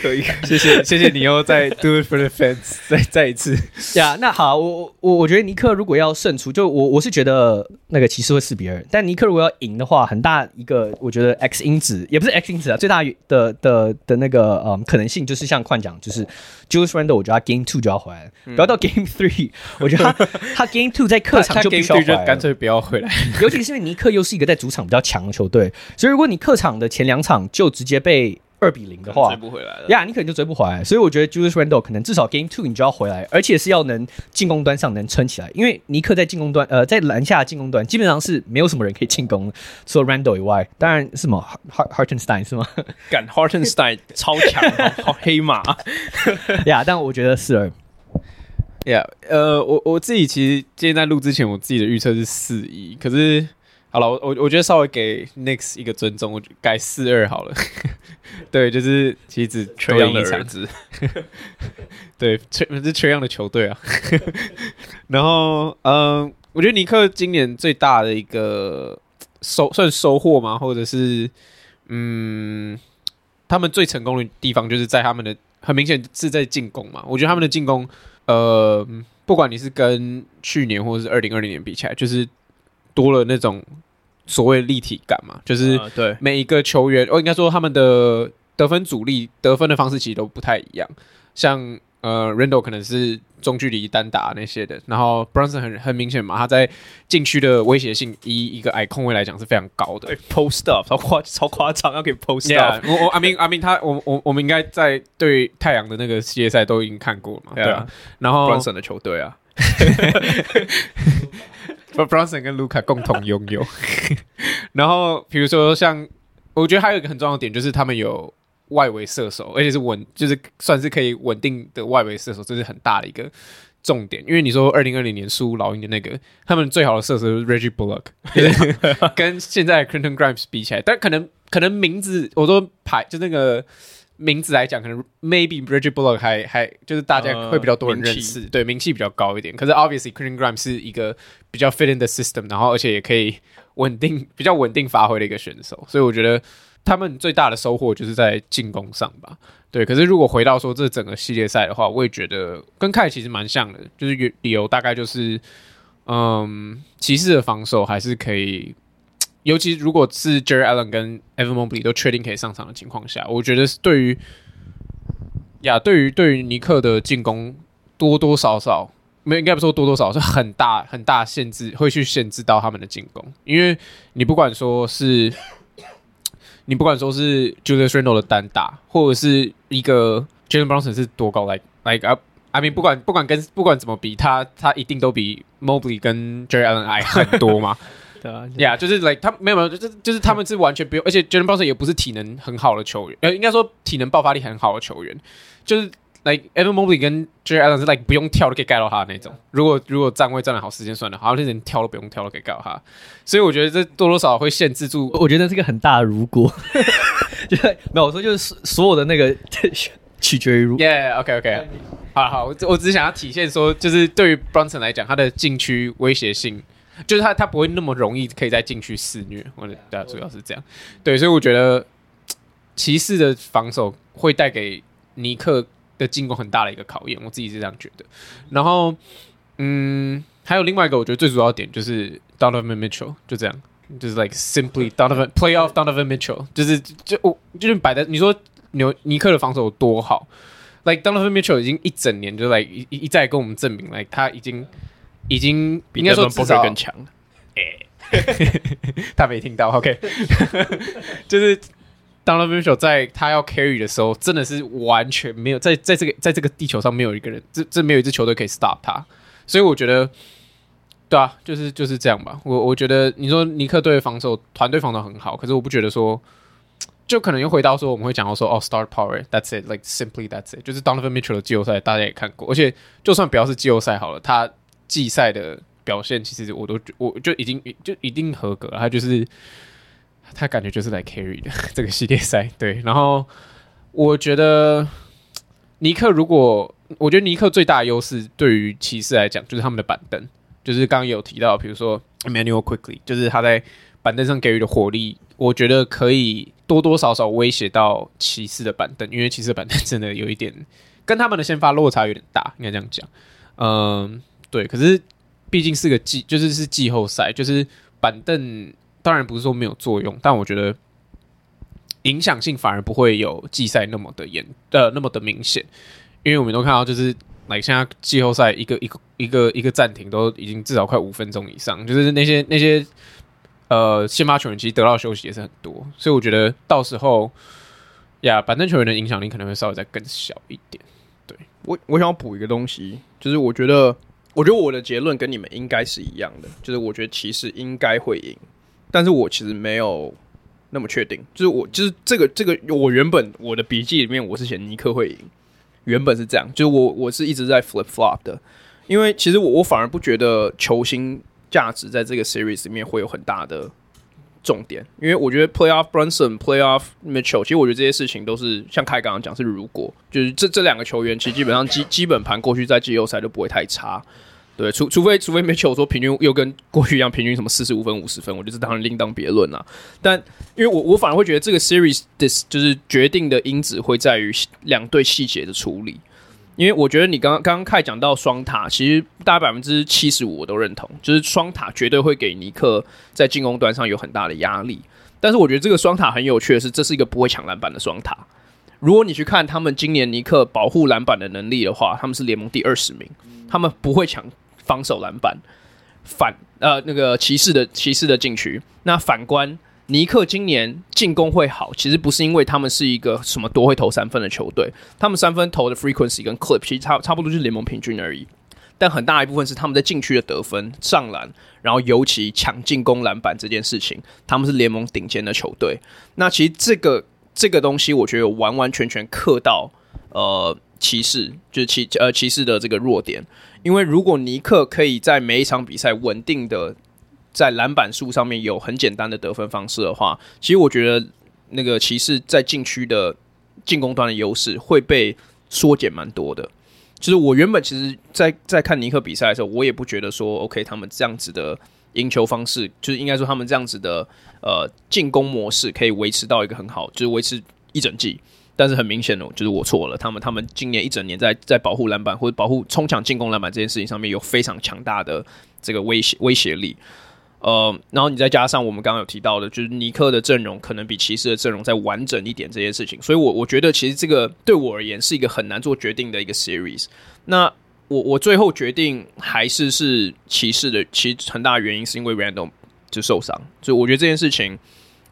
可以，謝謝謝謝你又再 do it for the fans，再再一次呀。Yeah, 那好，我我我覺得尼克如果要勝出，就我我是覺得那個騎士會是別人。但尼克如果要贏的話，很大一個我覺得 X 因子，也不是 X 因子啊，最大的的的，的那個嗯可能性就是像寬講，就是 Julius Randle 我覺得他 game two 就要回來，嗯、不要到 game three。我覺得他， (laughs) 他，他 game two 在客場就不需要就乾脆不要回來。尤其是因為尼克又是一個在主場比較強的球隊， (laughs) 所以如果你客場的前兩場就直接被。二比零的話，追不回來了。呀，yeah, 你可能就追不回來。所以我覺得 Julius Randle 可能至少 Game Two 你就要回來，而且是要能進攻端上能撐起來。因為尼克在進攻端，呃，在籃下進攻端基本上是沒有什麼人可以進攻，除了 Randle 以外。當然，什麼 Hart Hartenstein 是嗎？敢 Hartenstein 超強， (laughs) 好黑馬呀！ (laughs) yeah, 但我覺得是，呀，yeah, 呃，我我自己其實今天在錄之前，我自己的預測是四一，1, 可是。好了，我我我覺得稍微給 Knicks 一個尊重，我覺得改四二好了。 (laughs) 對，就是其實缺樣的場子， (laughs) 對，缺是缺樣的球隊啊。 (laughs) 然後，嗯，我覺得尼克今年最大的一個收算收穫嘛，或者是嗯，他們最成功的地方就是在他們的，很明顯是在進攻嘛。我覺得他們的進攻，呃，不管你是跟去年或者是二零二零年比起來，就是，多了那種所謂立體感嘛，就是對每一個球員、呃、哦，應該說他們的得分主力得分的方式其實都不太一樣。像呃 Randle 可能是中距離單打那些的，然後 Brunson 很很明顯嘛，他在禁區的威脅性以一個矮控衛來講是非常高的。對、欸，post up 超誇超誇張，要給 post up。我我、yeah, I mean, I MEAN，他，我我我們應該在對太陽的那個系列賽都已經看過了嘛？Yeah, 對啊，然後 Brunson 的球隊啊。 (laughs) Brunson 跟 Luka 共同擁有。 (laughs) (laughs) 然後，比如說像，我覺得還有一個很重要的點就是，他們有外圍射手，而且是穩，就是算是可以穩定的外圍射手，這是很大的一個重點。因為你說二零二零年輸老鷹的那個，他們最好的射手 Reggie Bullock， (laughs) 跟現在 Quentin Grimes 比起來，但可能可能名字我都排就那個。名字來講，可能 maybe Bridget Block 還還就是大家會比較多人認識，呃、名對名氣比較高一點。可是 obviously Quentin Grimes 是一個比較 fit in the system，然後而且也可以穩定，比較穩定發揮的一個選手。所以我覺得他們最大的收穫就是在進攻上吧。對，可是如果回到說這整個系列賽的話，我也覺得跟凱其實蠻像的，就是理由大概就是，嗯，騎士的防守還是可以。尤其如果是 Jerry Allen 跟 Evan Mobley 都確定可以上場的情況下，我覺得是對於呀，對於對於尼克的進攻多多少少沒應該不說多多少是很大很大限制，會去限制到他們的進攻。因為你不管說是 (coughs) 你不管說是 Julius Randle 的單打，或者是一個 Jalen Brunson 是多高 like like I mean 不管不管，跟不管怎麼比，他他一定都比 Mobley 跟 Jerry Allen 矮很多嘛。 (laughs) 對啊，呀、就是，yeah, 就是 like 他沒有沒有，就是就是他們是完全不用，嗯、而且傑倫 r d 也不是體能很好的球員，呃，應該說體能爆發力很好的球員，就是 like Evan Mobley 跟 Jalen 是 like 不用跳都可以蓋到他的那種。嗯、如果如果站位站的好，時間算的好，他連跳都不用跳都可以蓋到他。所以我覺得這多多少少會限制住，我覺得是個很大的如果， (laughs) 就是沒有我說就是所所有的那個 (laughs) 取決於如，Yeah，OK OK，, okay. 你好好，我只我只想要體現說，就是對於 b r o n s o n 來講，他的禁區威脅性。就是他，他不會那麼容易可以再進去肆虐，或者大家主要是這樣，對，所以我覺得騎士的防守會帶給尼克的進攻很大的一個考驗，我自己是這樣覺得。然後，嗯，還有另外一個我覺得最主要點就是 Donovan Mitchell 就這樣，就是 like simply Donovan playoff Donovan Mitchell (laughs) 就是就我就是擺、哦、在你說紐尼克的防守有多好，like Donovan Mitchell 已經一整年就來、like, 一一再跟我們證明了、like, 他已經。已經應該說至少比更強了。哎，欸， (laughs) (laughs) 他沒聽到。 (laughs) OK， (laughs) 就是 Donovan Mitchell 在他要 carry 的時候，真的是完全沒有在在這個在這個地球上沒有一個人，這這沒有一支球隊可以 stop 他。所以我覺得，對啊，就是就是這樣吧。我我覺得你說尼克隊防守團隊防守很好，可是我不覺得說，就可能又回到說我們會講到說，哦，oh，Star Power，That's it，Like simply That's it，就是 Donovan Mitchell 的季後賽大家也看過，而且就算不要是季後賽好了，他。季賽的表現，其實我都我就已經就一定合格了。他就是他感覺就是來 carry 的呵呵這個系列賽。對，然後我覺得尼克，如果我覺得尼克最大的優勢對於騎士來講，就是他們的板凳，就是剛剛有提到，比如說 Immanuel Quickley，就是他在板凳上給予的火力，我覺得可以多多少少威脅到騎士的板凳，因為騎士的板凳真的有一點跟他們的先發落差有點大，應該這樣講。嗯、呃。對，可是畢竟是個季，就是是季後賽，就是板凳當然不是說沒有作用，但我覺得影響性反而不會有季賽那麼的嚴呃那麼的明顯，因為我們都看到就是哪現在季後賽一個一個一個一個暫停都已經至少快五分鐘以上，就是那些那些呃先發球員其實得到休息也是很多，所以我覺得到時候呀板凳球員的影響力可能會稍微再更小一點。對，我我想要補一個東西，就是我覺得。我覺得我的結論跟你們應該是一樣的，就是我覺得騎士應該會贏，但是我其實沒有那麼確定。就是我，就是這個這個，我原本我的筆記裡面我是寫尼克會贏，原本是這樣。就是我我是一直在 flip flop 的，因為其實我我反而不覺得球星價值在這個 series 裡面會有很大的。重點，因為我覺得 playoff Brunson playoff Mitchell，其實我覺得這些事情都是像凱剛剛講，是如果就是這這兩個球員，其實基本上基基本盤過去在季後賽都不會太差，對，除除非除非 Mitchell 說平均又跟過去一樣平均什麼四十五分五十分，我就是當然另當別論啦。但因為我我反而會覺得這個 series THIS 就是決定的因子會在於兩隊細節的處理。因為我覺得你剛剛剛開講到雙塔，其實大概百分之七十五我都認同，就是雙塔絕對會給尼克在進攻端上有很大的壓力。但是我覺得這個雙塔很有趣的是，這是一個不會搶籃板的雙塔。如果你去看他們今年尼克保護籃板的能力的話，他們是聯盟第二十名，他們不會搶防守籃板，反呃那個騎士的騎士的禁區。那反觀。尼克今年進攻會好，其實不是因為他們是一個什麼多會投三分的球隊，他們三分投的 frequency 跟 clip 其實差差不多就是聯盟平均而已。但很大一部分是他們在禁區的得分、上籃，然後尤其搶進攻籃板這件事情，他們是聯盟頂尖的球隊。那其實這個這個東西，我覺得完完全全克到呃騎士，就是騎呃騎士的這個弱點。因為如果尼克可以在每一場比賽穩定的。在籃板數上面有很簡單的得分方式的話，其實我覺得那個騎士在禁區的進攻端的優勢會被縮減蠻多的。其實我原本其實在，在在看尼克比賽的時候，我也不覺得說 OK 他們這樣子的贏球方式，就是應該說他們這樣子的呃進攻模式可以維持到一個很好，就是維持一整季。但是很明顯的，就是我錯了。他們他們今年一整年在在保護籃板或者保護衝搶進攻籃板這件事情上面有非常強大的這個威脅威脅力。呃，然後你再加上我們剛剛有提到的，就是尼克的陣容可能比騎士的陣容再完整一點這件事情，所以我，我我覺得其實這個對我而言是一個很難做決定的一個 series。那我我最後決定還是是騎士的，其實很大原因是因為 Randle 就受傷，所以我覺得這件事情，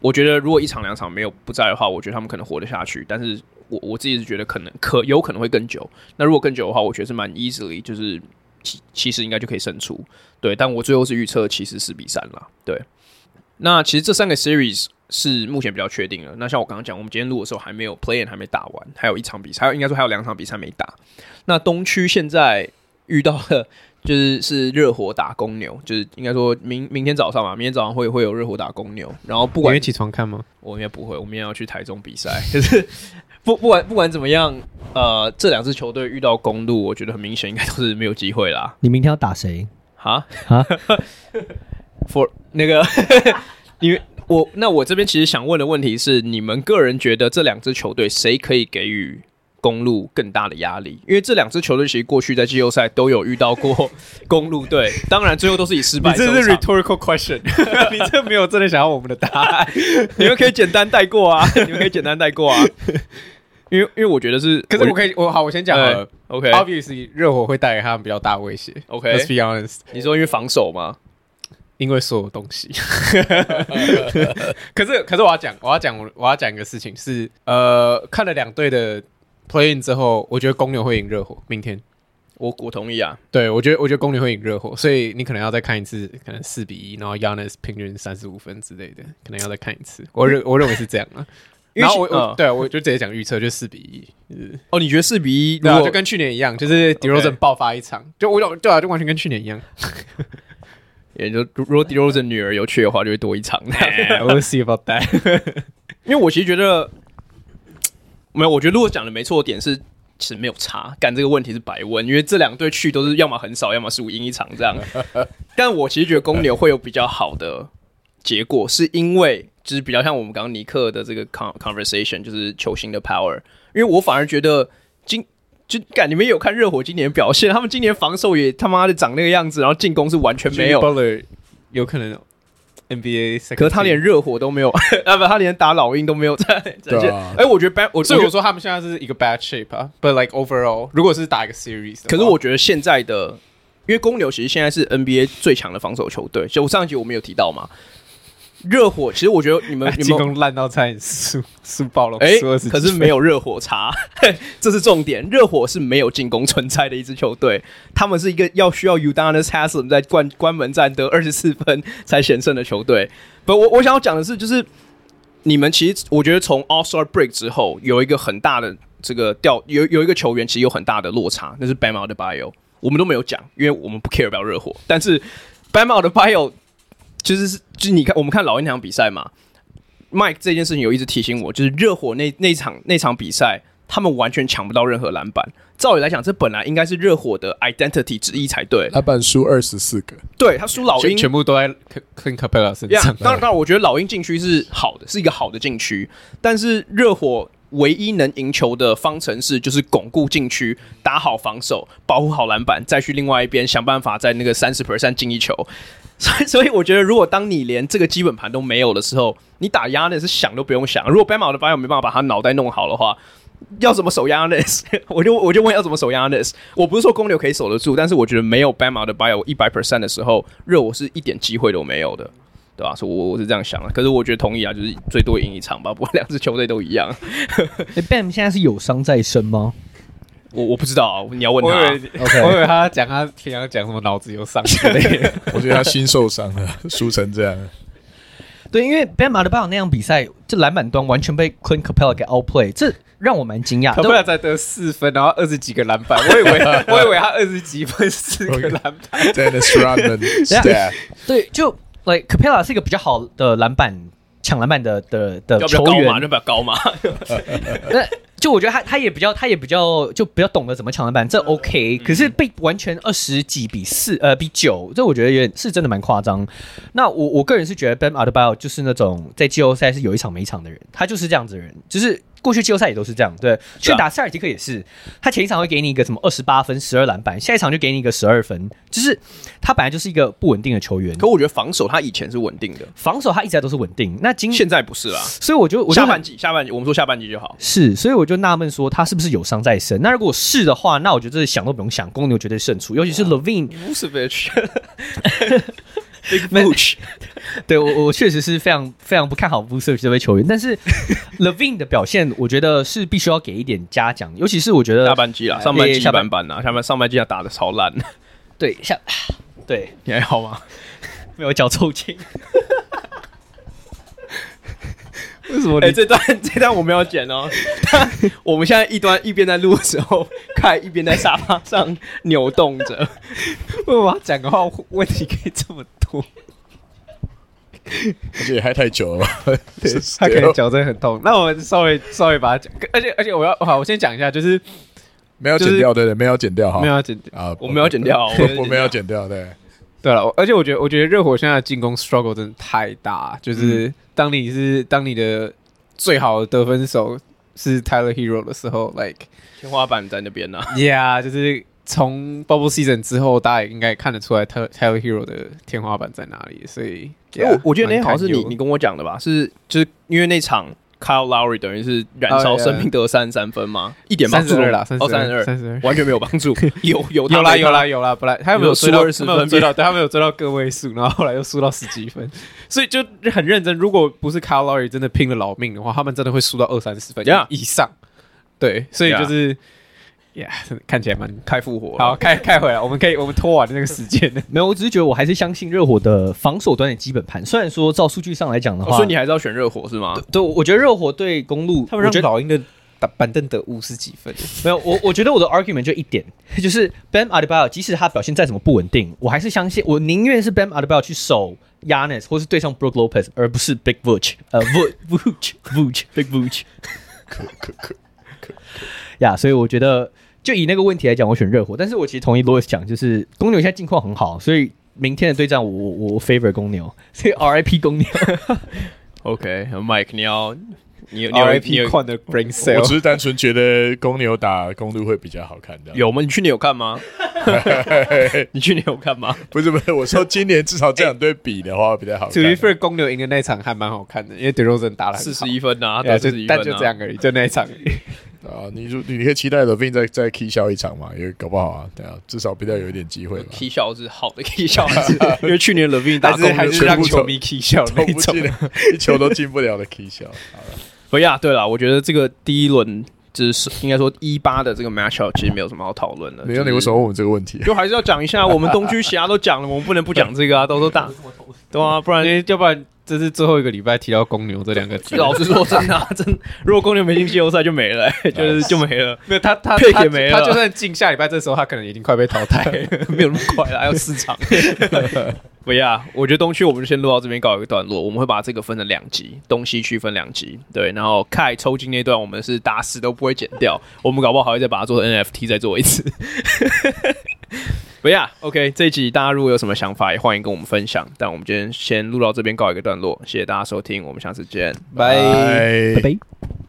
我覺得如果一場兩場沒有不在的話，我覺得他們可能活得下去。但是我我自己是覺得可能可有可能會更久。那如果更久的話，我覺得是蠻 easily 就是騎騎士應該就可以勝出。對，但我最後是預測其實四比三了。對，那其實這三個 series 是目前比較確定的。那像我剛剛講，我們今天錄的時候還沒有 play-in，還沒打完，還有一場比賽，還有應該說還有兩場比賽沒打。那東區現在遇到了，就是是熱火打公牛，就是應該說明明天早上嘛，明天早上會會有熱火打公牛。然後不管你起床看嗎？我應該不會，我明天要去台中比賽。 (laughs) 可是不不管不管怎麼樣，呃，這兩支球隊遇到公鹿，我覺得很明顯應該都是沒有機會啦。你明天要打誰？啊啊 (laughs) ，for 那個， (laughs) 你我那我這邊其實想問的問題是，你們個人覺得這兩支球隊誰可以給予公鹿更大的壓力？因為這兩支球隊其實過去在季後賽都有遇到過公鹿隊， (laughs) 當然最後都是以失敗。這是 rhetorical question， (laughs) 你這沒有真的想要我們的答案， (laughs) 你們可以簡單帶過啊，你們可以簡單帶過啊。 (laughs) 因為，因為我覺得是，可是我可以，我,我好，我先講了對，OK。Obviously，熱火會帶給他們比較大威脅，OK。Let's be honest，你說因為防守嗎？因為所有東西。可是，可是我要講，我要講，我要講一個事情是，呃，看了兩隊的 playin 之後，我覺得公牛會贏熱火。明天。我我同意啊，對，我覺得，我覺得公牛會贏熱火，所以你可能要再看一次，可能四比一，然後 Giannis 平均三十五分之類的，可能要再看一次。我認，我認為是這樣啊。 (laughs) 然後我，、哦、我對我就直接講預測，就四比一。是哦，你覺得四比一，後、啊、就跟去年一樣，就是迪羅森爆發一場，Okay. 就我講對啊，就完全跟去年一樣。 (laughs) 也就如果迪羅森女兒有去的話，就會多一場。We'll s, (laughs) S, yeah, we (laughs) 因為我其實覺得沒有，我覺得如果講的沒錯的點是其實沒有差，幹這個問題是白問，因為這兩隊去都是要麼很少，要麼是五贏一場這樣。 (laughs) 但我其實覺得公牛會有比較好的結果，是因為。就是比較像我們剛剛尼克的這個 conversation，con 就是球星的 power。因為我反而覺得今就幹你們有看熱火今年的表現，他們今年防守也他媽的長那個樣子，然後進攻是完全沒有。Er, 有可能 NBA 可是他連熱火都沒有， (laughs) 他連打老鷹都沒有在。對哎、啊，我覺得 bad，所以我說他們現在是一個 bad shape，but like overall，如果是打一個 series，可是我覺得現在的，因為公牛其實現在是 NBA 最強的防守球隊，就上一集我們有提到嘛。熱火其實我覺得你們進攻爛到菜，輸輸爆了。哎、欸，可是沒有熱火差呵呵，這是重點。熱火是沒有進攻存在的一支球隊，他們是一個要需要 Udonis Haslem 在關關門戰得二十四分才險勝的球隊。嗯、不，我我想要講的是，就是你們其實我覺得從 All Star Break 之後有一個很大的這個掉，有有一個球員其實有很大的落差，那是 Bam Adebayo，我們都沒有講，因為我們不 care about 熱火，但是 Bam Adebayo 其實、就是就你看我們看老鷹那場比賽嘛，Mike 這件事情有一直提醒我，就是熱火那那場那場比賽，他們完全搶不到任何籃板。照理來講，這本來應該是熱火的 identity 之一才對。籃板輸二十四個，對他輸老鷹全部都在 Clint Capela 身上。當然當然 Yeah, (laughs) 我覺得老鷹禁區是好的，是一個好的禁區。但是熱火唯一能贏球的方程式就是鞏固禁區，打好防守，保護好籃板，再去另外一邊想辦法在那個三十 percent 進一球。所以，所以我覺得，如果當你連這個基本盤都沒有的時候，你打 Giannis 呢，是想都不用想。如果 Bam Adebayo 沒辦法把他腦袋弄好的話，要怎麼守 Giannis 呢？我就我就問要怎麼守 Giannis 呢？我不是說公牛可以守得住，但是我覺得沒有 Bam Adebayo 一百 percent 的時候，熱我是一點機會都沒有的，對吧、啊？所以我我是這樣想的。可是我覺得同意啊，就是最多贏一場吧。不過兩支球隊都一樣、 (laughs) 欸。Bam 現在是有傷在身嗎？我我不知道，你要問他、啊。我以, Okay. 我以為他講他平常講什麼腦子有傷之類的 (laughs) 我覺得他心受傷了，輸成這樣。 (laughs) 對，因為 Bam Adebayo 那場比賽，這籃板端完全被 Clint Capela 給 outplayed, 這讓我蠻驚訝。他不了才得四分，然後二十幾個籃板 (laughs) 我。我以為我以為他二十幾分四個籃板。對，就 like Capela 是一個比較好的籃板搶籃板的的的球員嘛？就比較高嘛？ (laughs) (laughs) 就我覺得他他也比較他也比較就比較懂得怎麼搶籃板，這 OK。可是被完全二十幾比四呃比九，這我覺得有點是真的蠻誇張。那我我個人是覺得 Bam Adebayo 就是那種在季後賽是有一場沒一場的人，他就是這樣子的人，就是過去季後賽也都是這樣，對。去打塞爾提克也是，他前一場會給你一個什麼二十八分十二籃板，下一場就給你一個十二分，就是他本來就是一個不穩定的球員。可我覺得防守他以前是穩定的，防守他一直都是穩定。那今現在不是了，所以我，就我覺得下半季下半季我們說下半季就好。是，所以我就。就納悶說他是不是有傷在身？那如果是的話，那我覺得這想都不用想，公牛絕對勝出。尤其是 LaVine Vucevic 對，我我確實是非常非常不看好 Vucevic 這位球員。但是 (laughs) LaVine 的表現，我覺得是必須要給一點嘉獎。尤其是我覺得下半季啊，哎、上半下半半啊，下半班上半季他打的超爛。對，下對，你還好嗎？沒有腳抽筋。哎，這段這段我沒有剪哦。但我們現在一端一邊在錄的時候，看一邊在沙發上扭動着。為什麼講的話問題可以這麼多？我覺得也還太久了，他可能腳真的很痛。那我稍微稍微把它剪。而且而且我要好，我先講一下，就是沒有剪掉，對對，沒有剪掉哈，沒有剪啊，我沒有剪掉，我沒有剪掉，對。對了，而且我覺得，我覺得熱火現在的進攻 struggle 真的太大，就是當你是，嗯、當你的最好的得分手是 Tyler Herro 的時候，like 天花板在那邊呢、啊。yeah，就是從 Bubble Season 之後，大家也應該看得出來，Tyler Herro 的天花板在哪裡。所以，yeah, 嗯、我我覺得那場是你你跟我講的吧？是就是因為那場。Kyle Lowry 等於是燃燒生命得三十三分嘛，一、oh, yeah. 點幫助都三十二三十二，完全沒有幫助。有有 (laughs) 有啦有啦有啦，不來他，有沒有有他沒有追到二十分，追到變對他沒有追到個位數，然後後來又輸到十幾分， (laughs) 所以就很認真。如果不是 Kyle Lowry 真的拼了老命的話，他們真的會輸到二三十分以上。Yeah. 對，所以就是。Yeah. Yeah，看起來蠻快復活。好，開開回來，我們可以我們拖完這個時間。 (laughs) 沒有，我只是覺得我還是相信熱火的防守端的基本盤。雖然說照數據上來講的話、哦，所以你還是要選熱火是嗎對？對，我覺得熱火對公鹿，他們讓我覺得老鷹的板凳得五十幾分。 (laughs) 沒有，我我覺得我的 argument 就一點，就是 Bam Adebayo，即使他表現再怎麼不穩定，我還是相信，我寧願是 Bam Adebayo 去守 Yanis 或是對上 Brook Lopez，而不是 Big Vooch 呃 V Vooch Vooch Big Vooch。可可可可可。呀，所以我覺得。就以那個問題來講，我選熱火，但是我其實同意羅 s 講，就是公牛現在境況很好，所以明天的對戰我我 favor 公牛，所以 R I P 公 (laughs) 牛。OK，Mike，、okay, 你要你 R I P 看的 b r a i n s a l 有我只是單純覺得公牛打公路會比較好看的。有嗎？你去年有看嗎？ (laughs) (laughs) 你去年有看嗎？ (laughs) 不是不是，我說今年至少這兩對比的話比較好看。看、欸。所以 r e 公牛贏的那場還蠻好看的，因為德羅 n 打了四十一分吶、啊，打分啊、yeah, 就但就這樣而已， (laughs) 就那一場而已。 (laughs) 啊，你就你你可以期待 LaVine 再再 K 笑一場嘛？因為搞不好啊，對啊，至少比較有一點機會。K 笑是好的 K 笑是， (laughs) 因為去年 LaVine 還， (laughs) 還是讓球迷 K 笑的一球，一球都進不了的 K 笑。不要 (laughs) 吧，yeah, 對了，我覺得這個第一輪就是應該說一、e、八的這個 matchup 其實沒有什麼好討論的。沒、就、有、是，你，你為什麼問我們這個問題、啊？就，就還是要講一下， (laughs) 我們東區其他都講了，我們不能不講這個啊， (laughs) 都是大， (laughs) 對啊，不然要不然。這是最後一個禮拜提到公牛這兩個字，老實說，真的、啊， (laughs) 真，如果公牛沒進季後賽就沒了、欸， (laughs) 就是就沒了，沒有他他也沒了他，他就算進下禮拜這時候他可能已經快被淘汰了， (laughs) 沒有那麼快了，還有四場。不要，我覺得東區我們就先錄到這邊搞一個段落，我們會把這個分成兩集，東西區分兩集，對，然後 Kai 抽筋那段我們是打死都不會剪掉， (laughs) 我們搞不好,還會再把它做 NFT 再做一次。 (laughs) 對呀、yeah，OK，這一集大家如果有什麼想法，也歡迎跟我們分享。但我們今天先錄到這邊，告一個段落。謝謝大家收聽，我們下次見，拜拜。